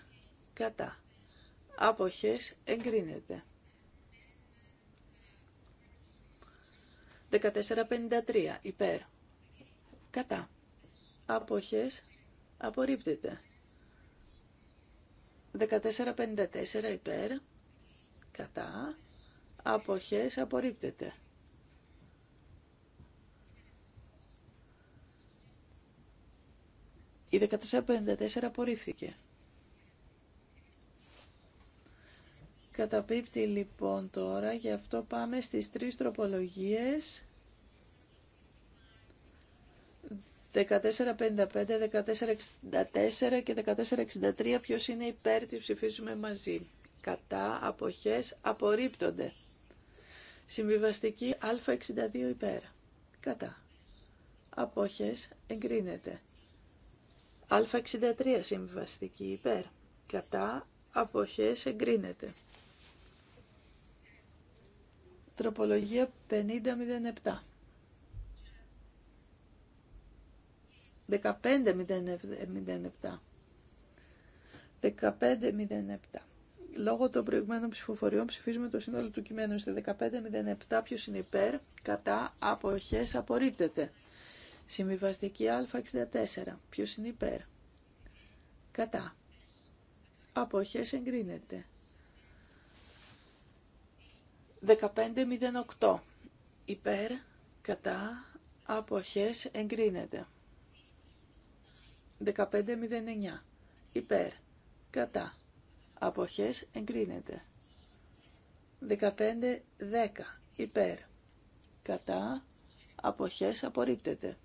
Κατά. Άποχες εγκρίνεται. 1453. Υπέρ. Κατά αποχές απορρίπτεται. 1454 υπέρ, κατά, αποχές απορρίπτεται. Η 1454 απορρίφθηκε. Καταπίπτει λοιπόν τώρα, γι' αυτό πάμε στις τρεις τροπολογίες 1455, 1464 και 1463. Ποιος είναι υπέρ, τη ψηφίζουμε μαζί. Κατά, αποχές, απορρίπτονται. Συμβιβαστική α62 υπέρ. Κατά. Απόχες εγκρίνεται. α63 συμβιβαστική υπέρ. Κατά. Απόχες εγκρίνεται. Τροπολογία 5007. 15.07. 15.07. Λόγω των προηγουμένων ψηφοφοριών ψηφίζουμε το σύνολο του κειμένου. Στη 15.07 ποιος είναι υπέρ, κατά, αποχές, απορρίπτεται. Συμβιβαστική α64. Ποιος είναι υπέρ. Κατά. Αποχές εγκρίνεται. 15.08. Υπέρ, κατά, αποχές εγκρίνεται. 1509. Υπέρ. Κατά. Αποχές εγκρίνεται. 1510. Υπέρ. Κατά. Αποχές απορρίπτεται.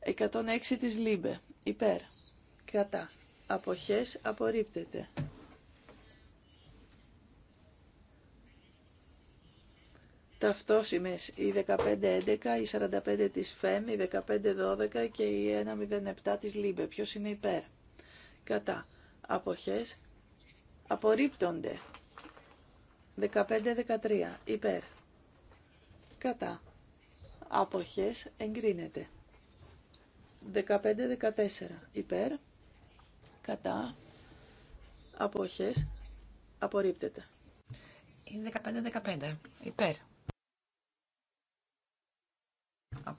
106 της Λίμπε. Υπέρ. Κατά. Αποχές απορρίπτεται. ταυτόσημες η 11 η 45 της ΦΕΜ, η 12 και η 107 της ΛΥΜΠΕ. Ποιος είναι υπέρ. Κατά. Αποχές. Απορρίπτονται. 15-13. Υπέρ. Κατά. Αποχές. Εγκρίνεται. 15-14. Υπέρ. Κατά. Αποχές. Απορρίπτεται. Η 15-15. Υπέρ.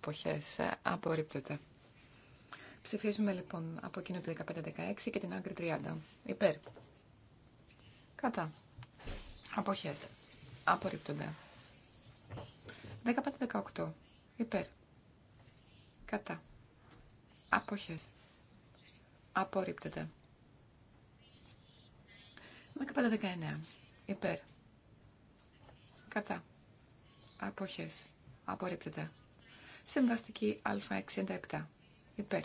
αποχές ε, απορρίπτεται. Ψηφίζουμε λοιπόν από εκείνο το 15-16 και την άγκρη 30. Υπέρ. Κατά. Αποχές. Απορρίπτονται. 15-18. Υπέρ. Κατά. Αποχές. Απορρίπτεται. 15-19. Υπέρ. Κατά. Αποχές. Απορρίπτεται. Συμβαστική Α67. Υπέρ.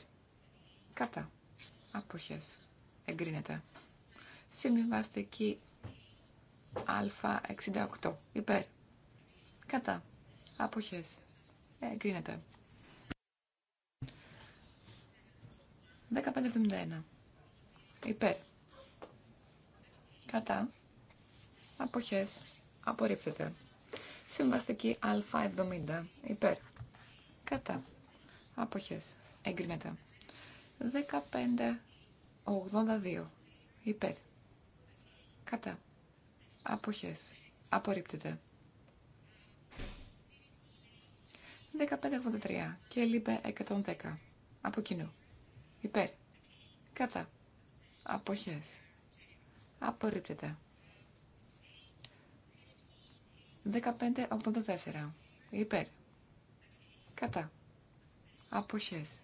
Κατά. Αποχές. Εγκρίνεται. Συμβαστική Α68. Υπέρ. Κατά. Αποχές. Εγκρίνεται. 1571. Υπέρ. Κατά. Αποχές. Απορρίπτεται. Συμβαστική Α70. Υπέρ. Κατά. Αποχές. Εγκρίνεται. 15.82. Υπέρ. Κατά. Αποχές. Απορρίπτεται. 15.83 και λίπε 110. Από κοινού. Υπέρ. Κατά. Αποχές. Απορρίπτεται. 15.84. Υπέρ. Κατά. Αποχές.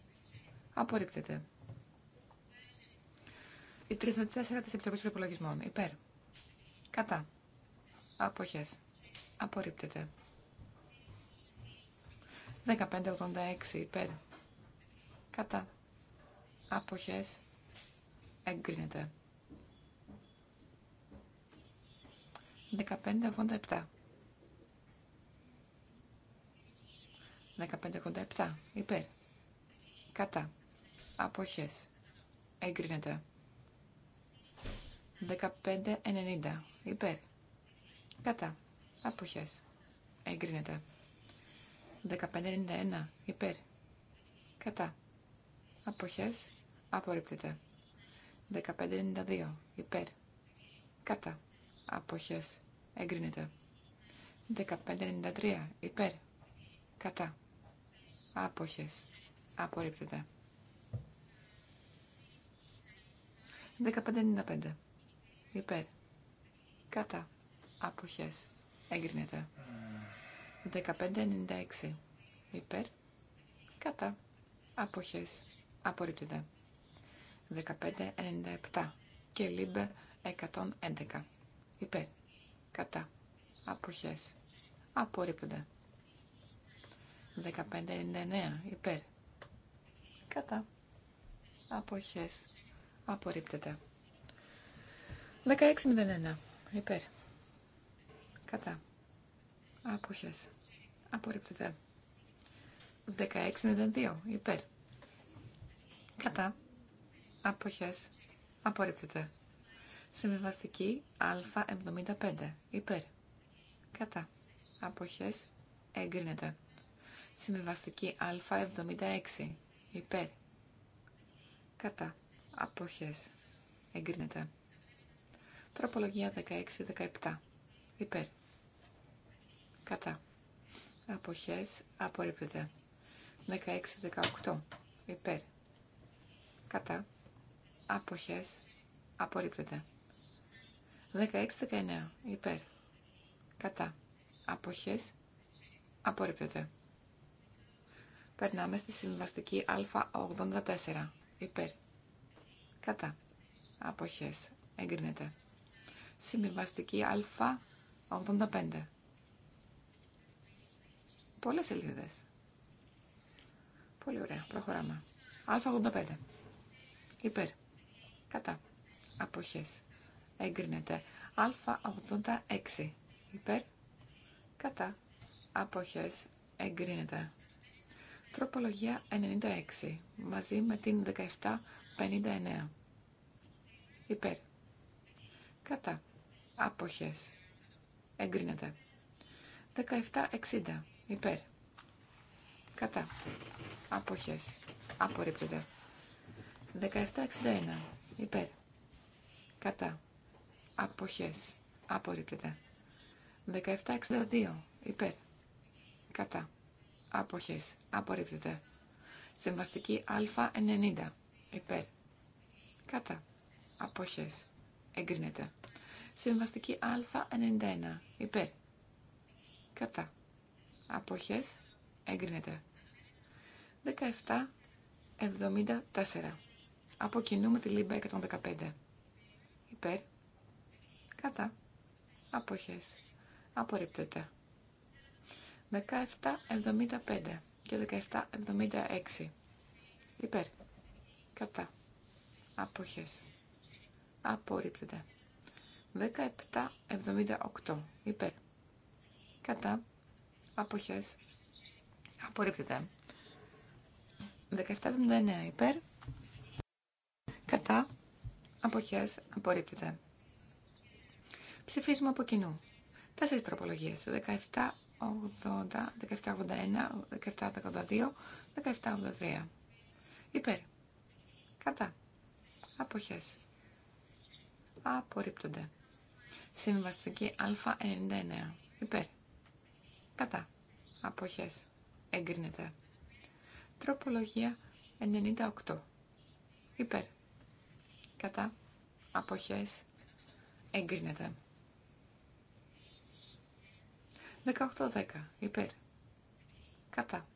Απορρίπτεται. Η 34 της Επιτροπής Προπολογισμών. Υπέρ. Κατά. Αποχές. Απορρίπτεται. 1586. Υπέρ. Κατά. Αποχές. Εγκρίνεται. 1587. 1587 υπέρ. Κατά. Αποχές. Εγκρίνεται. 1590 υπέρ. Κατά. Αποχές. Εγκρίνεται. 1591 υπέρ. Κατά. Αποχές. Απορρίπτεται. 1592 υπέρ. Κατά. Αποχές. Εγκρίνεται. 1593 υπέρ. Κατά. Απόχες. Απορρίπτεται. 15.95. Υπέρ. Κατά. Αποχές. Έγκρινεται. 15.96. Υπέρ. Κατά. Αποχές. Απορρίπτεται. 15.97. Και λίμπε 111. Υπέρ. Κατά. Αποχές. Απορρίπτονται. 1599 υπέρ. Κατά. Αποχές. Απορρίπτεται. 1601 υπέρ. Κατά. Αποχές. Απορρίπτεται. 1602 υπέρ. Κατά. Αποχές. Απορρίπτεται. Συμβιβαστική Α75 υπέρ. Κατά. Αποχές. Εγκρίνεται. Συμβιβαστική Α76 υπέρ. Κατά. Αποχές. Εγκρίνεται. Τροπολογία 16-17 υπέρ. Κατά. Αποχές. Απορρίπτεται. 16-18 υπέρ. Κατά. Αποχές. Απορρίπτεται. 16-19 υπέρ. Κατά. Αποχές. Απορρίπτεται. Περνάμε στη συμβαστική α84. Υπέρ. Κατά. Αποχές. Εγκρίνεται. Συμβαστική α85. Πολλές σελίδες. Πολύ ωραία. Προχωράμε. α85. Υπέρ. Κατά. Αποχές. Εγκρίνεται. α86. Υπέρ. Κατά. Αποχές. Εγκρίνεται. Τροπολογία 96 μαζί με την 1759. Υπέρ. Κατά. Αποχές. Εγκρίνεται. 1760. Υπέρ. Κατά. Αποχές. Απορρίπτεται. 1761. Υπέρ. Κατά. Αποχές. Απορρίπτεται. 1762. Υπέρ. Κατά αποχές, απορρίπτεται. Συμβαστική α90, υπέρ, κατά, αποχές, εγκρίνεται. Συμβαστική α91, υπέρ, κατά, αποχές, εγκρίνεται. 1774. Αποκινούμε τη λίμπα 115. Υπέρ, κατά, αποχές, απορρίπτεται. 17.75 και 17.76. Υπέρ. Κατά. Αποχές. Απορρίπτεται. 17.78. Υπέρ. Κατά. Αποχές. Απορρίπτεται. 17.79. Υπέρ. Κατά. Αποχές. Απορρίπτεται. Ψηφίζουμε από κοινού. τεσσερι τροπολογίε. 17, 1781, 1782, 1783. Υπέρ. Κατά. Αποχές. Απορρίπτονται. Συμβαστική Α99. Υπέρ. Κατά. Αποχές. Εγκρίνεται. Τροπολογία 98. Υπέρ. Κατά. Αποχές. Εγκρίνεται. 18-10 υπέρ. Κατά.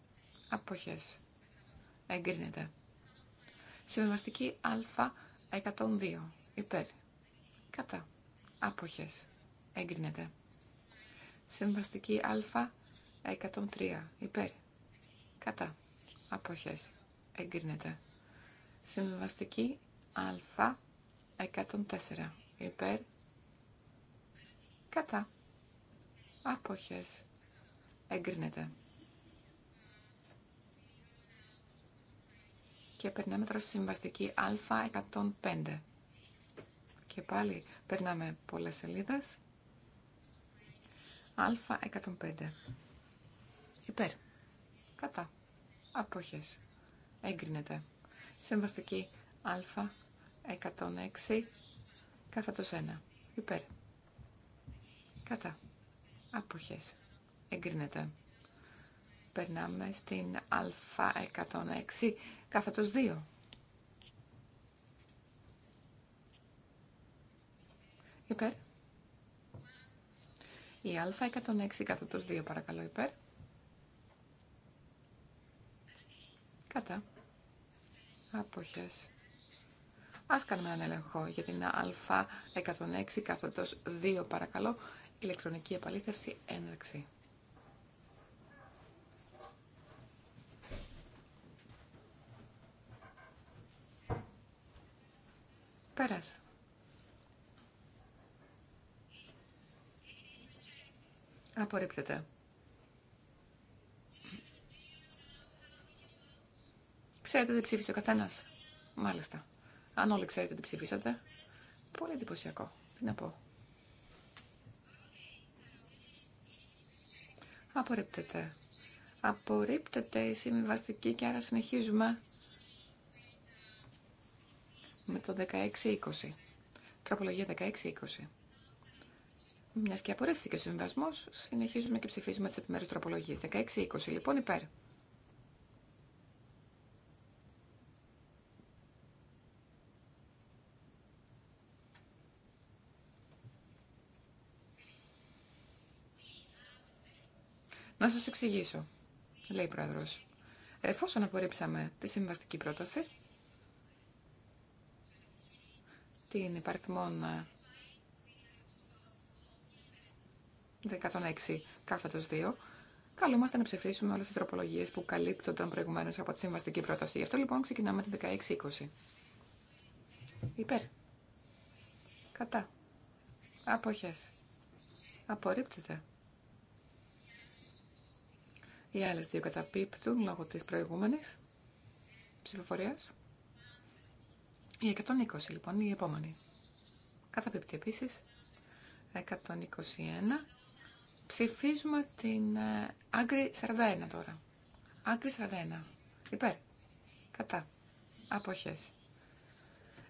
Αποχές. Εγκρίνεται. Συμβαστική Α102 υπέρ. Κατά. Αποχές. Εγκρίνεται. Συμβαστική Α103 υπέρ. Κατά. Αποχές. Εγκρίνεται. Συμβαστική Α104 υπέρ. Κατά Αποχές. Εγκρίνεται. Και περνάμε τώρα στη συμβαστική Α105. Και πάλι περνάμε πολλές σελίδες. Α105. Υπέρ. Κατά. Αποχές. Εγκρίνεται. Συμβαστική Α106. Κάθετος 1. Υπέρ. Κατά. Αποχές. Εγκρίνεται. Περνάμε στην α106 κάθετος 2. Υπέρ. Η α106 κάθετος 2 παρακαλώ υπέρ. Κατά. Αποχές. Ας κάνουμε έναν έλεγχο για την α106 κάθετος 2 παρακαλώ. Ηλεκτρονική επαλήθευση έναρξη. Πέρασε. Απορρίπτεται. Ξέρετε τι ψήφισε ο καθένα. Μάλιστα. Αν όλοι ξέρετε τι ψηφίσατε. Πολύ εντυπωσιακό. Τι να πω. Απορρίπτεται. Απορρίπτεται η συμβιβαστική και άρα συνεχίζουμε με το 16-20. Τροπολογία 16-20. Μια και απορρίφθηκε ο συμβιβασμό, συνεχίζουμε και ψηφίζουμε τι επιμέρου τροπολογίε. 16-20 λοιπόν υπέρ. Να σας εξηγήσω, λέει η Πρόεδρος. Εφόσον απορρίψαμε τη συμβαστική πρόταση, την υπαριθμόν 106 ε, 2, καλούμαστε να ψηφίσουμε όλες τις τροπολογίες που καλύπτονταν προηγουμένως από τη συμβαστική πρόταση. Γι' αυτό λοιπόν ξεκινάμε την 16-20. Υπέρ. Κατά. Αποχές. Απορρίπτεται. Οι άλλε δύο καταπίπτουν λόγω τη προηγούμενης ψηφοφορία Η 120 λοιπόν, η επόμενη. Καταπίπτει επίση. 121. Ψηφίζουμε την ε, Άγκρη 41 τώρα. Άγκρη 41. Υπέρ. Κατά. Αποχές.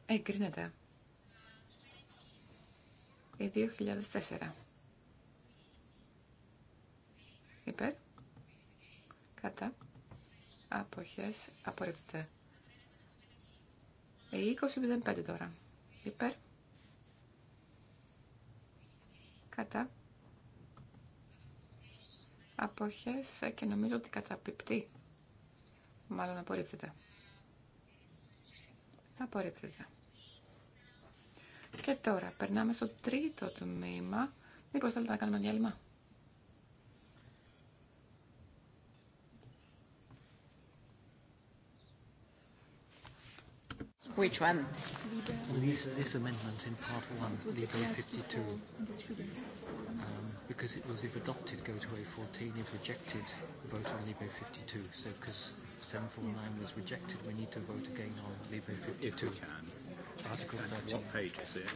Εγκρίνεται. Η 2004. Υπέρ κατά αποχές απορρίπτεται. Η 20.05 τώρα. Υπέρ. Κατά. Αποχές και νομίζω ότι καταπιπτεί. Μάλλον απορρίπτεται. Απορρίπτεται. Και τώρα περνάμε στο τρίτο τμήμα. Μήπως θέλετε να κάνουμε διάλειμμα. Which one? This, this amendment in part one, Libre 52. Um, because it was, if adopted, go to A14. If rejected, vote on Libre 52. So because 749 was rejected, we need to vote again on Libre 52. If we can. Article 13. What page is it?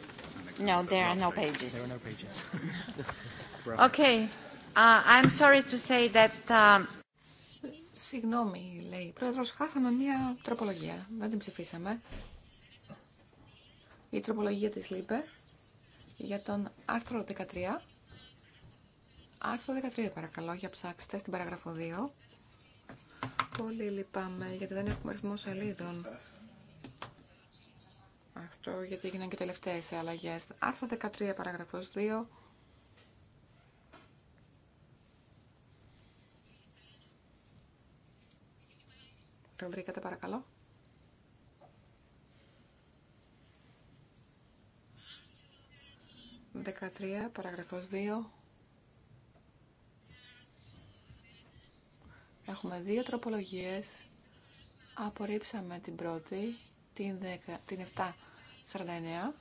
No, there are no pages. There are no pages. okay. Uh, I'm sorry to say that... Um, Συγγνώμη, λέει. Πρόεδρος, χάθαμε μία τροπολογία. Δεν την ψηφίσαμε η τροπολογία της Λίπε για τον άρθρο 13. Άρθρο 13 παρακαλώ, για ψάξτε στην παράγραφο 2. Πολύ λυπάμαι γιατί δεν έχουμε αριθμό σελίδων. Αυτό γιατί έγιναν και τελευταίες αλλαγές. Άρθρο 13 παράγραφος 2. Το βρήκατε παρακαλώ. 13, παραγραφός 2. Έχουμε δύο τροπολογίες. Απορρίψαμε την πρώτη, την, 10, την 749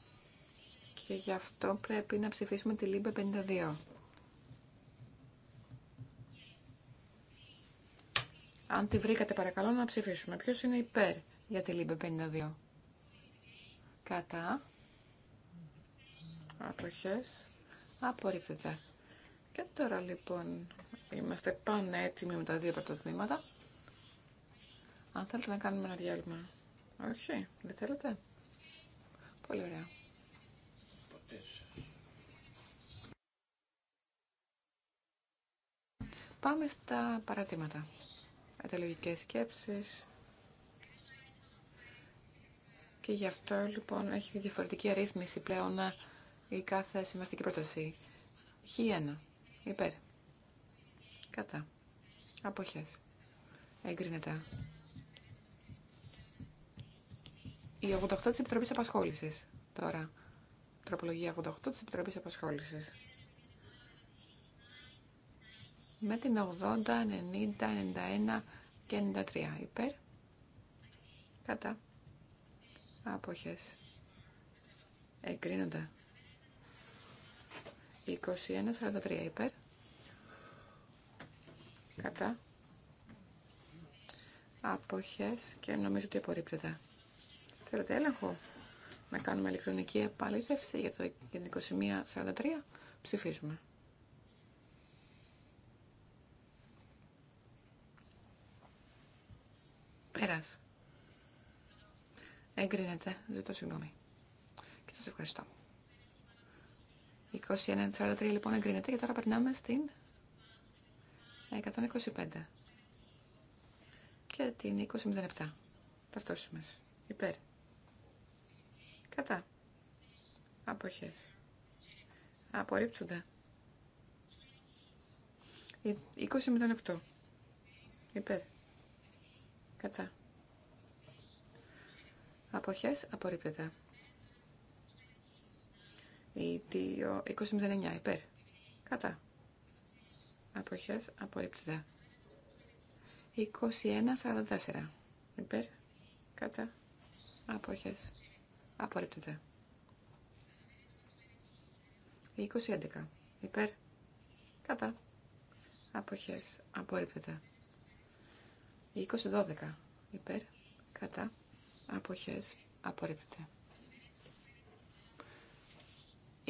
και γι' αυτό πρέπει να ψηφίσουμε τη Λίμπε 52. Αν τη βρήκατε παρακαλώ να ψηφίσουμε. Ποιος είναι υπέρ για τη ΛΥΜΠΕ 52. Κατά αποχές απορρίπτεται. Και τώρα λοιπόν είμαστε έτοιμοι με τα δύο πρώτα Αν θέλετε να κάνουμε ένα διάλειμμα. Όχι, δεν θέλετε. Πολύ ωραία. Πάμε στα παρατήματα. Αιτελογικές σκέψεις. Και γι' αυτό λοιπόν έχει διαφορετική αρρύθμιση πλέον ε, η κάθε συμβαστική πρόταση. Χ1. Υπέρ. Κατά. Αποχές. Εγκρίνεται. Η 88 της Επιτροπής Απασχόλησης. Τώρα. Τροπολογία 88 της Επιτροπής Απασχόλησης. Με την 80, 90, 91 και 93. Υπέρ. Κατά. Αποχές. Εγκρίνονται. 21-43 υπέρ. Κατά. Αποχές και νομίζω ότι απορρίπτεται. Θέλετε έλεγχο. Να κάνουμε ηλεκτρονική επαλήθευση για το 21-43? Ψηφίζουμε. Πέρας. Εγκρίνεται. Ζητώ συγγνώμη. Και σας ευχαριστώ. 21-43 λοιπόν εγκρίνεται και τώρα περνάμε στην 125 και την 20.07. Ταυτόσιμες. Υπέρ. Κατά. Αποχές. Απορρίπτονται. 20.07, Υπέρ. Κατά. Αποχές απορρίπτεται. Η 2009 υπέρ. Κατά. Αποχές 21 44 υπέρ. Κατά. Αποχές απορρίπτεται. 21. υπέρ. Κατά. Αποχές απορρίπτεται. 2012 υπέρ. Κατά. Αποχές απορρίπτεται.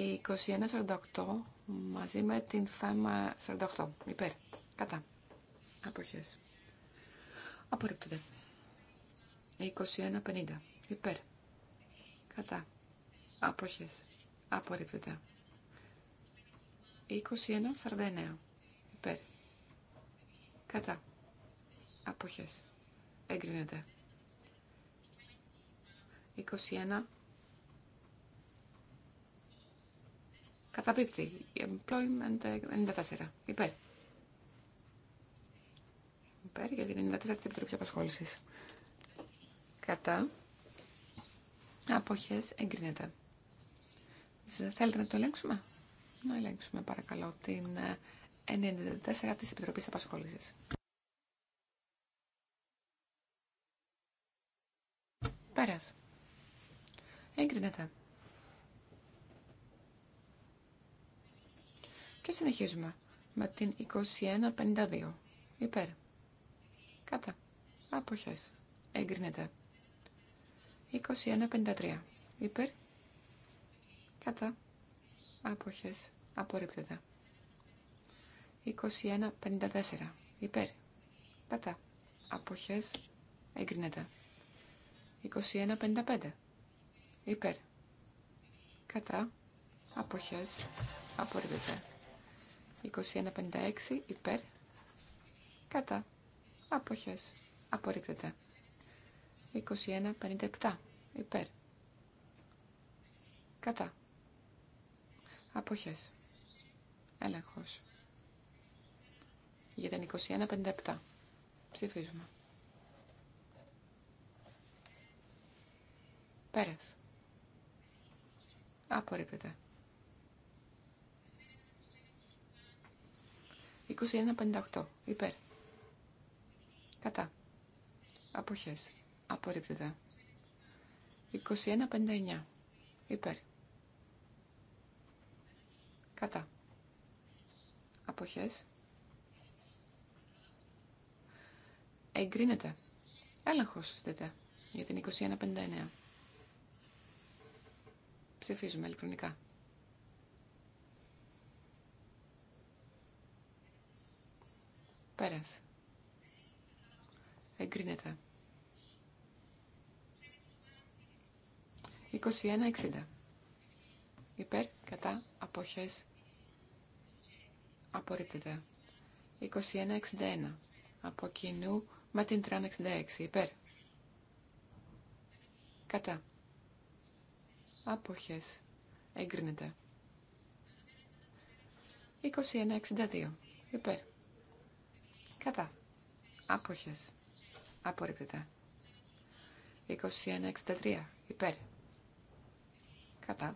Η 2148 μαζί με την ΦΕΜΑ 48. Υπέρ. Κατά. Αποχές. Απορρίπτονται. Η 2150. Υπέρ. Κατά. Αποχές. 21 2149. Υπέρ. Κατά. Αποχές. Εγκρίνεται. 21 Καταπίπτει. Employment 94. Υπέρ. Υπέρ για την 94 της Επιτροπής Απασχόλησης. Κατά. Αποχές εγκρίνεται. Θέλετε να το ελέγξουμε. Να ελέγξουμε παρακαλώ την 94 ε, της Επιτροπής Απασχόλησης. Πέρας. Εγκρίνεται. Και συνεχίζουμε με την 2152. Υπέρ. Κατά. Αποχές. Εγκρίνεται. 2153. Υπέρ. Κατά. Αποχές. Απορρίπτεται. 2154. Υπέρ. Κατά. Αποχές. Εγκρίνεται. 2155. Υπέρ. Κατά. Αποχές. Απορρίπτεται. 2156 υπέρ. Κατά. Αποχές. Απορρίπτεται. 2157 υπέρ. Κατά. Αποχές. Έλεγχος. Για την 2157. Ψηφίζουμε. Πέρας. Απορρίπτεται. 2158. Υπέρ. Κατά. Αποχές. Απορρίπτεται. 2159. Υπέρ. Κατά. Αποχές. Εγκρίνεται. Έλεγχος στείτε για την 2159. Ψηφίζουμε ηλεκτρονικά. περασε Εγκρίνεται. 21.60. Υπέρ, κατά, αποχές. Απορρίπτεται. 21.61. Από κοινού με την 366. Υπέρ. Κατά. Αποχές. Εγκρίνεται. 21.62. Υπέρ. Κατά. Άποχες. Απορρίπτεται. 21-63. Υπέρ. Κατά.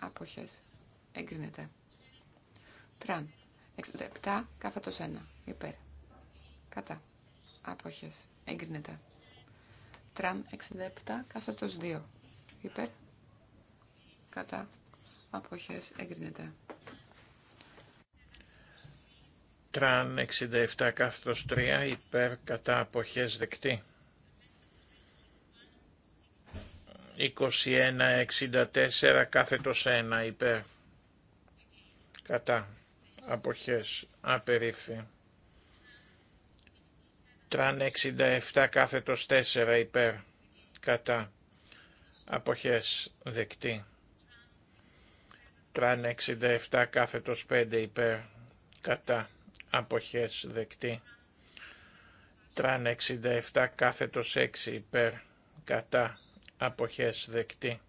Άποχες. Εγκρίνεται. Τραν. 67. κάθετο 1. Υπέρ. Κατά. Άποχες. Εγκρίνεται. Τραν 67. κάθετο 2. Υπέρ. Κατά. Άποχες. Εγκρίνεται. Τραν 67 κάθετος 3 υπέρ κατά αποχές δεκτή. 21 64 κάθετος 1 υπέρ κατά αποχές απερίφθη. Τραν 67 κάθετος 4 υπέρ κατά αποχές δεκτή. Τραν 67 κάθετος 5 υπέρ κατά αποχές δεκτή. Τραν 67 κάθετος 6 υπέρ κατά αποχές δεκτή.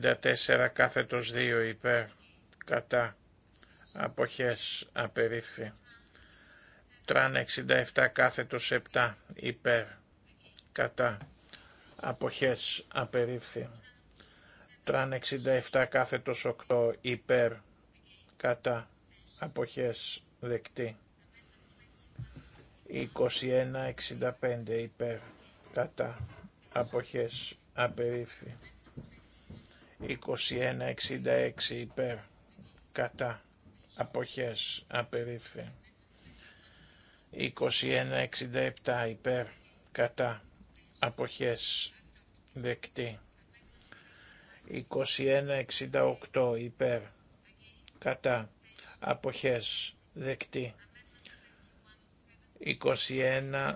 2164 κάθετος 2 υπέρ κατά αποχές απερίφθη. Τραν 67 κάθετος 7 υπέρ κατά αποχές απερίφθη. Τραν 67 κάθετος 8 υπέρ κατά αποχές δεκτή. 21.65 υπέρ κατά αποχές απερίφθη. 21.66 υπέρ κατά αποχές απερίφθη. 21.67 υπέρ κατά αποχές δεκτή. 21.68 υπέρ κατά αποχές δεκτή 2170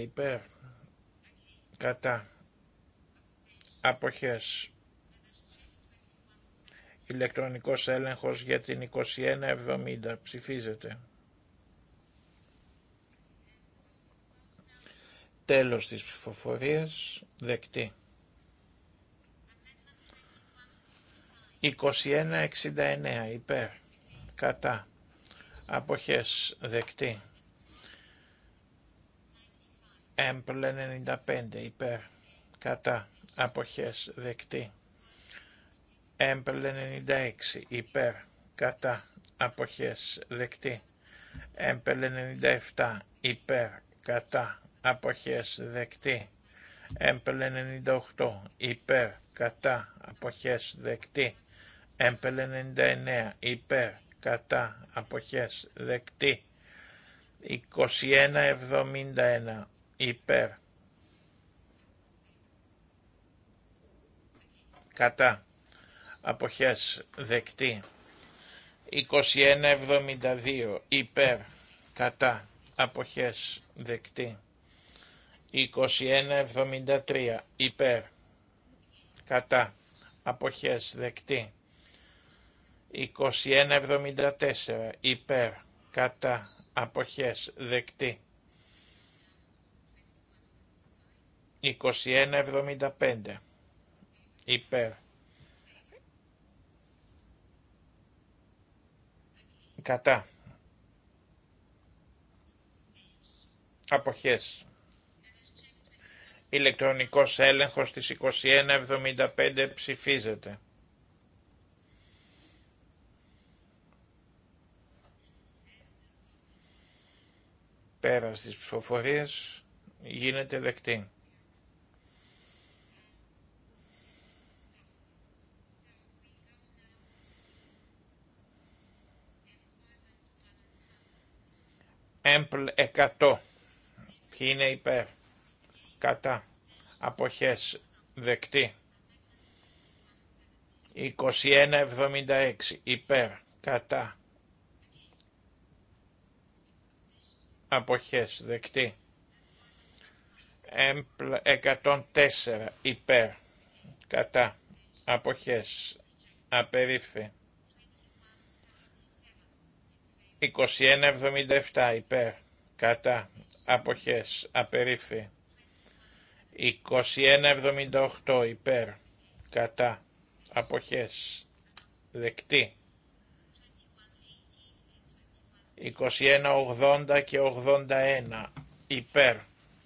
υπέρ κατά αποχές ηλεκτρονικός έλεγχος για την 2170 ψηφίζεται τέλος της ψηφοφορίας δεκτή 2169 υπέρ κατά αποχές δεκτή. έμπλε 95 υπέρ κατά αποχές δεκτή. έμπλε 96 υπέρ κατά αποχές δεκτή. έμπλε 97 υπέρ κατά αποχές δεκτή. έμπλε 98 υπέρ κατά αποχές δεκτή. Έμπελε 99 υπέρ κατά αποχές δεκτή. 2171 υπέρ κατά αποχές δεκτή 2172 υπέρ κατά αποχές δεκτή 2173 υπέρ κατά αποχές δεκτή 2174 υπέρ κατά αποχές δεκτή. 2175 υπέρ κατά αποχές ηλεκτρονικός έλεγχος της 2175 ψηφίζεται Πέρας της ψηφοφορίας γίνεται δεκτή. Έμπλ 100. Ποιοι είναι υπέρ. Κατά. Αποχές. Δεκτή. 2176. Υπέρ. Κατά. αποχές δεκτή. 104 υπέρ κατά αποχές απερίφθη. 2177 υπέρ κατά αποχές απερίφθη. 2178 υπέρ κατά αποχές δεκτή. 21, 80 και 81 υπέρ,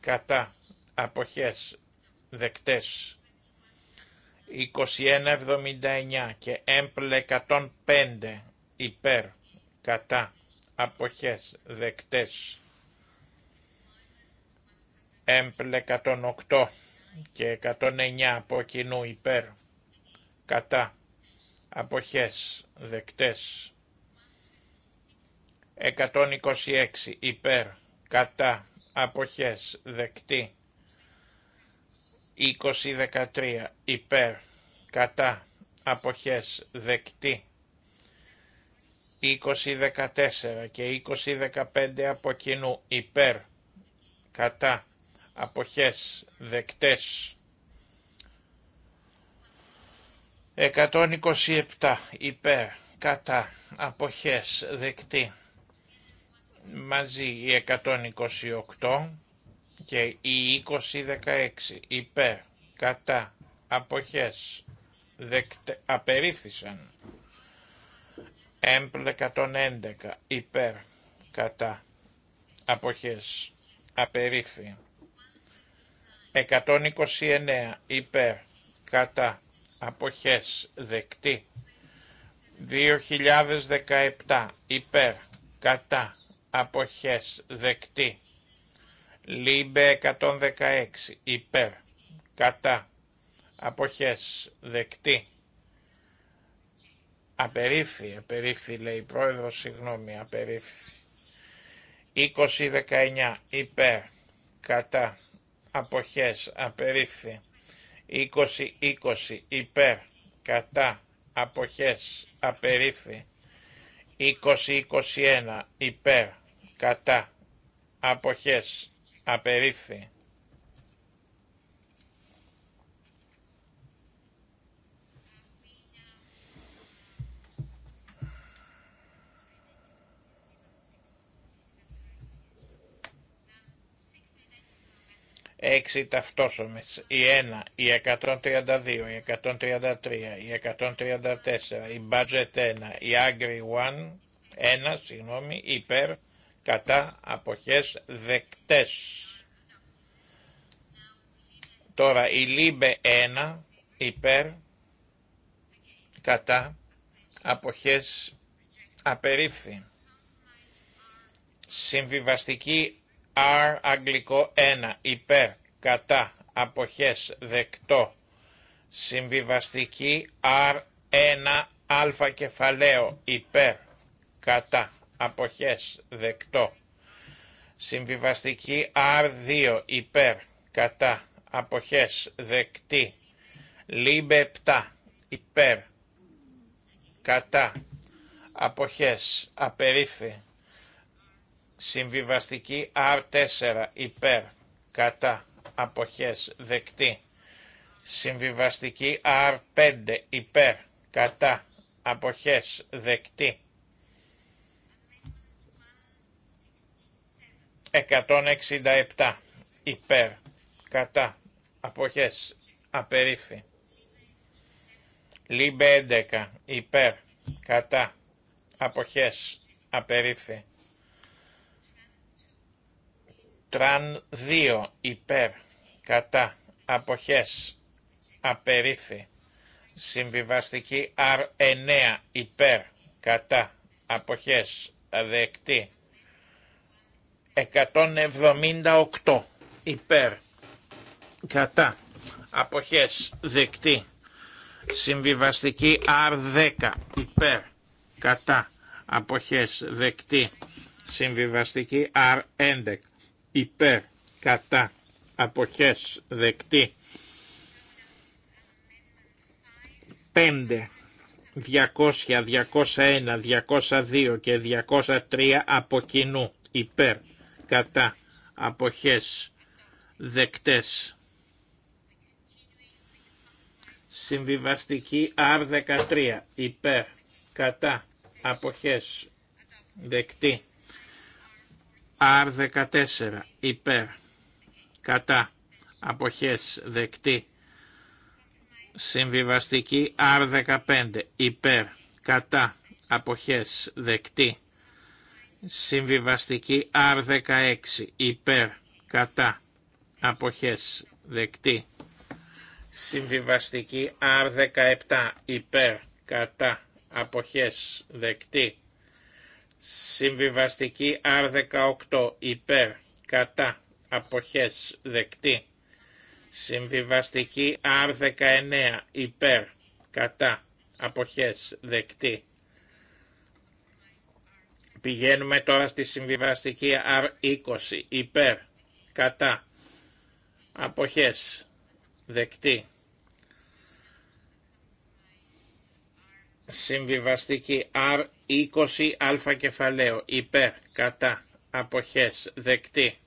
κατά, αποχές, δεκτές. 2179 και έμπλε 105 υπέρ, κατά, αποχές, δεκτές. Έμπλε 108 και 109 από κοινού υπέρ, κατά, αποχές, δεκτές. 126 υπέρ κατά αποχές δεκτή 2013 υπέρ κατά αποχές δεκτή 2014 και 2015 από κοινού υπέρ κατά αποχές δεκτές 127 υπέρ κατά αποχές δεκτή μαζί οι 128 και οι 2016 υπέρ, κατά, αποχές, δεκτε, απερίφθησαν. ΕΜΠΛΕ 111 υπέρ, κατά, αποχές, απερίφθη. 129 υπέρ, κατά, αποχές, δεκτή. 2017 υπέρ, κατά, αποχές δεκτή. Λίμπε 116 υπέρ κατά αποχές δεκτή. Απερίφθη, απερίφθη λέει η προεδρο συγγνωμη συγγνώμη, απερίφθη. 20-19 υπέρ κατά αποχές απερίφθη. 20-20 υπέρ κατά αποχές απερίφθη. 20-21 υπέρ κατά, αποχές, απερίφθη. έξι ταυτόσομες, η 1, η 132, η 133, η 134, η budget 1, η agri 1, Ένα, συγγνώμη, υπέρ, κατά αποχές δεκτές. Τώρα η λίμπε 1 υπέρ κατά αποχές απερίφθη. Συμβιβαστική R αγγλικό 1 υπέρ κατά αποχές δεκτό. Συμβιβαστική R1 α κεφαλαίο υπέρ κατά αποχές, δεκτό. Συμβιβαστική R2, υπέρ, κατά, αποχές, δεκτή. Λίμπε 7, υπέρ, κατά, αποχές, απερίφθη. Συμβιβαστική R4, υπέρ, κατά, αποχές, δεκτή. Συμβιβαστική R5, υπέρ, κατά, αποχές, δεκτή. 167 υπέρ κατά αποχές απερίφθη. Λίμπε 11 υπέρ κατά αποχές απερίφθη. Τραν 2 υπέρ κατά αποχές απερίφθη. Συμβιβαστική R9 υπέρ κατά αποχές δεκτή. 178 υπέρ κατά αποχές δεκτή συμβιβαστική R10 υπέρ κατά αποχές δεκτή συμβιβαστική R11 υπέρ κατά αποχές δεκτή 5 200, 201, 202 και 203 από κοινού υπέρ κατά αποχές δεκτές. Συμβιβαστική R13 υπέρ κατά αποχές δεκτή. R14 υπέρ κατά αποχές δεκτή. Συμβιβαστική R15 υπέρ κατά αποχές δεκτή. Συμβιβαστική R16 υπέρ κατά αποχές δεκτή. Συμβιβαστική R17 υπέρ κατά αποχές δεκτή. Συμβιβαστική R18 υπέρ κατά αποχές δεκτή. Συμβιβαστική R19 υπέρ κατά αποχές δεκτή. Πηγαίνουμε τώρα στη συμβιβαστική R20. Υπέρ. Κατά. Αποχές. Δεκτή. Συμβιβαστική R20 α κεφαλαίο. Υπέρ. Κατά. Αποχές. Δεκτή.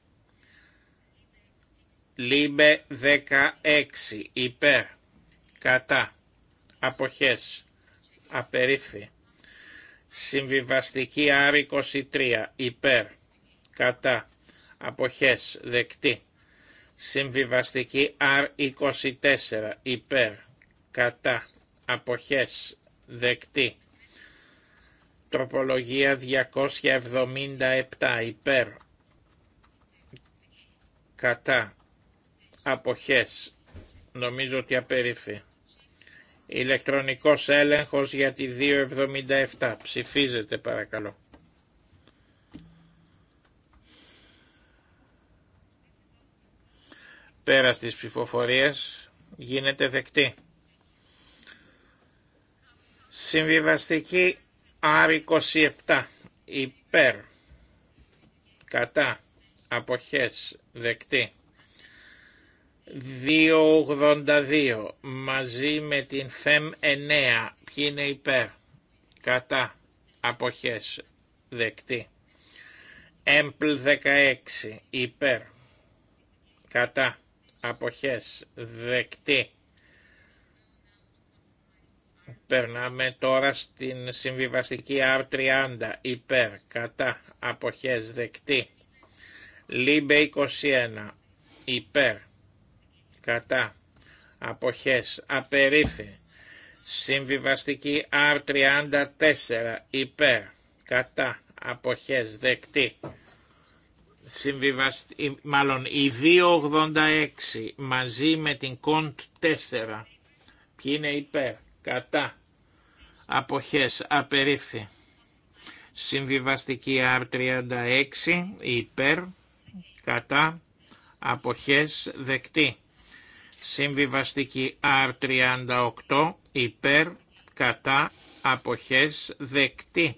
Λίμπε 16. Υπέρ. Κατά. Αποχές. Απερίφη. Συμβιβαστική R23 υπέρ κατά αποχές δεκτή. Συμβιβαστική R24 υπέρ κατά αποχές δεκτή. Τροπολογία 277 υπέρ κατά αποχές. Νομίζω ότι απερίφθη. Ηλεκτρονικός έλεγχος για τη 277. Ψηφίζετε παρακαλώ. Πέρα στις ψηφοφορίες γίνεται δεκτή. Συμβιβαστική R27. Υπέρ. Κατά. Αποχές. Δεκτή. 282 μαζί με την ΦΕΜ 9. Ποιοι είναι υπέρ. Κατά. Αποχές. Δεκτή. ΕΜΠΛ 16. Υπέρ. Κατά. Αποχές. Δεκτή. Περνάμε τώρα στην συμβιβαστική R30. Υπέρ. Κατά. Αποχές. Δεκτή. ΛΥΜΠΕ 21. Υπέρ κατά, αποχές, απερίφη. Συμβιβαστική R34 υπέρ, κατά, αποχές, δεκτή. Συμβιβαστη... μάλλον η 286 μαζί με την κοντ 4 ποιοι είναι υπέρ, κατά, αποχές, απερίφθη. Συμβιβαστική R36 υπέρ, κατά, αποχές, δεκτή. Συμβιβαστική R38 υπέρ κατά αποχές δεκτή.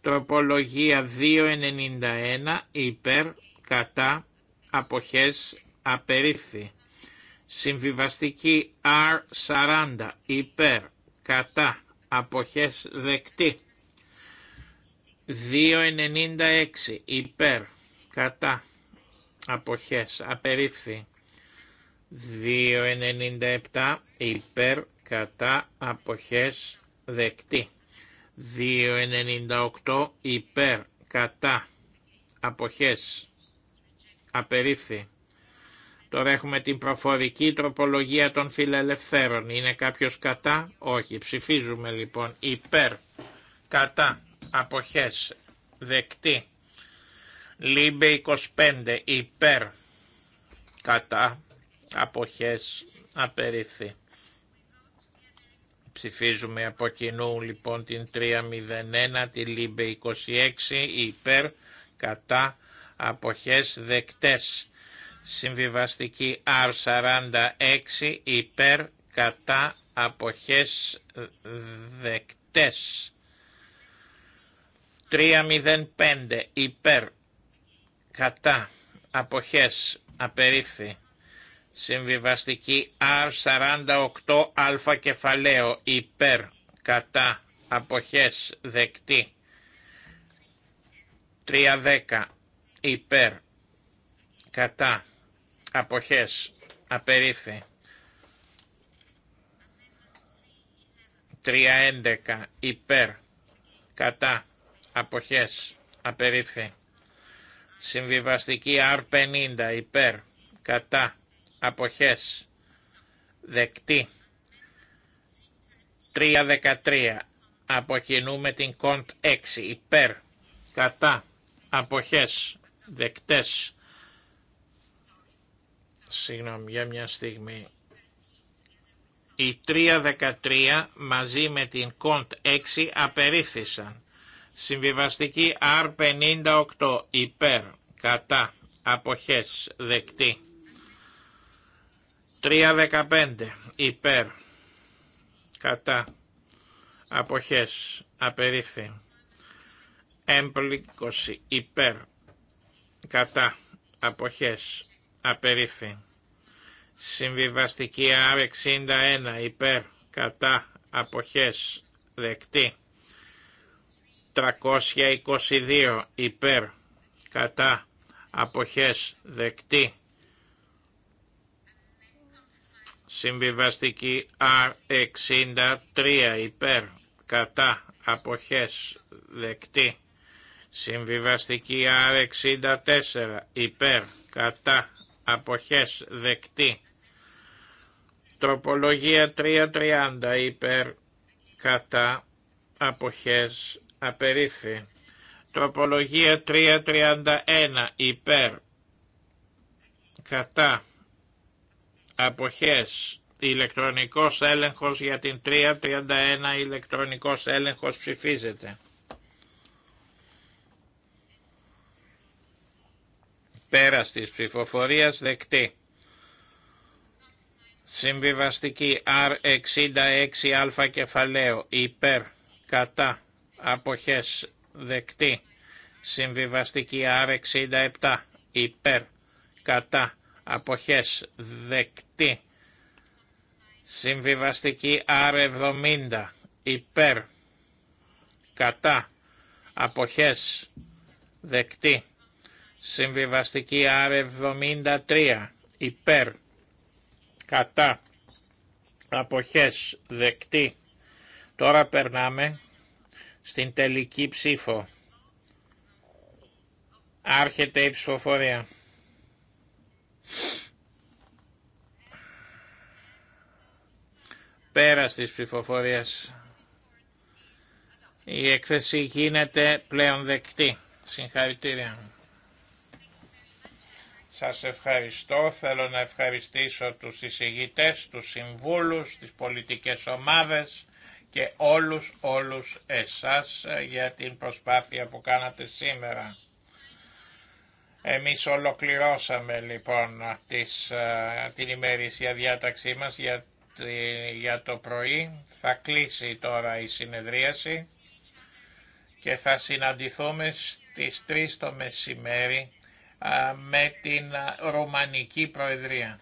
Τροπολογία 291 υπέρ κατά αποχές απερίφθη. Συμβιβαστική R40 υπέρ κατά αποχές δεκτή. 296 υπέρ κατά αποχές απερίφθη. 2.97 υπέρ κατά αποχές δεκτή. 2.98 υπέρ κατά αποχές απερίφθη. Τώρα έχουμε την προφορική τροπολογία των φιλελευθέρων. Είναι κάποιος κατά? Όχι. Ψηφίζουμε λοιπόν υπέρ, κατά, αποχές, δεκτή. Λίμπε 25 υπέρ, κατά, αποχές απερίφθη. Ψηφίζουμε από κοινού λοιπόν την 301, τη ΛΥΜΠΕ 26, υπέρ, κατά, αποχές δεκτές. Συμβιβαστική R46, υπέρ, κατά, αποχές δεκτές. 305, υπέρ, κατά, αποχές απερίφθη. Συμβιβαστική R48α κεφαλαίο υπέρ κατά αποχές δεκτή. 310 υπέρ κατά αποχές απερίφθη. 311 υπέρ κατά αποχές απερίφθη. Συμβιβαστική R50 υπέρ κατά αποχές δεκτή 3.13 αποκινούμε την κοντ 6 υπέρ κατά αποχές δεκτές συγγνώμη για μια στιγμή η 3-13 μαζί με την κοντ 6 απερίφθησαν συμβιβαστική R58 υπέρ κατά αποχές δεκτή 3.15 υπέρ κατά αποχές απερίφθη απερίφθη υπέρ κατά αποχές απερίφθη συμβιβαστική R61 υπέρ κατά αποχές δεκτή 322 υπέρ κατά αποχές δεκτή Συμβιβαστική R63 υπέρ κατά αποχές δεκτή. Συμβιβαστική R64 υπέρ κατά αποχές δεκτή. Τροπολογία 330 υπέρ κατά αποχές απερίφη. Τροπολογία 331 υπέρ κατά αποχές, ηλεκτρονικός έλεγχος για την 331, ηλεκτρονικός έλεγχος ψηφίζεται. Πέρας της ψηφοφορίας δεκτή. Συμβιβαστική R66α κεφαλαίο υπέρ κατά αποχές δεκτή. Συμβιβαστική R67 υπέρ κατά αποχές δεκτή. Συμβιβαστική R70 υπέρ κατά αποχές δεκτή. Συμβιβαστική R73 υπέρ κατά αποχές δεκτή. Τώρα περνάμε στην τελική ψήφο. Άρχεται η ψηφοφορία. Πέρα της ψηφοφορίες Η έκθεση γίνεται πλέον δεκτή. Συγχαρητήρια. Σας ευχαριστώ. Θέλω να ευχαριστήσω τους εισηγητές, τους συμβούλους, τις πολιτικές ομάδες και όλους όλους εσάς για την προσπάθεια που κάνατε σήμερα. Εμείς ολοκληρώσαμε λοιπόν τις, ε, την ημερήσια διάταξή μας για, για το πρωί. Θα κλείσει τώρα η συνεδρίαση και θα συναντηθούμε στις 3 το μεσημέρι ε, με την Ρουμανική Προεδρία.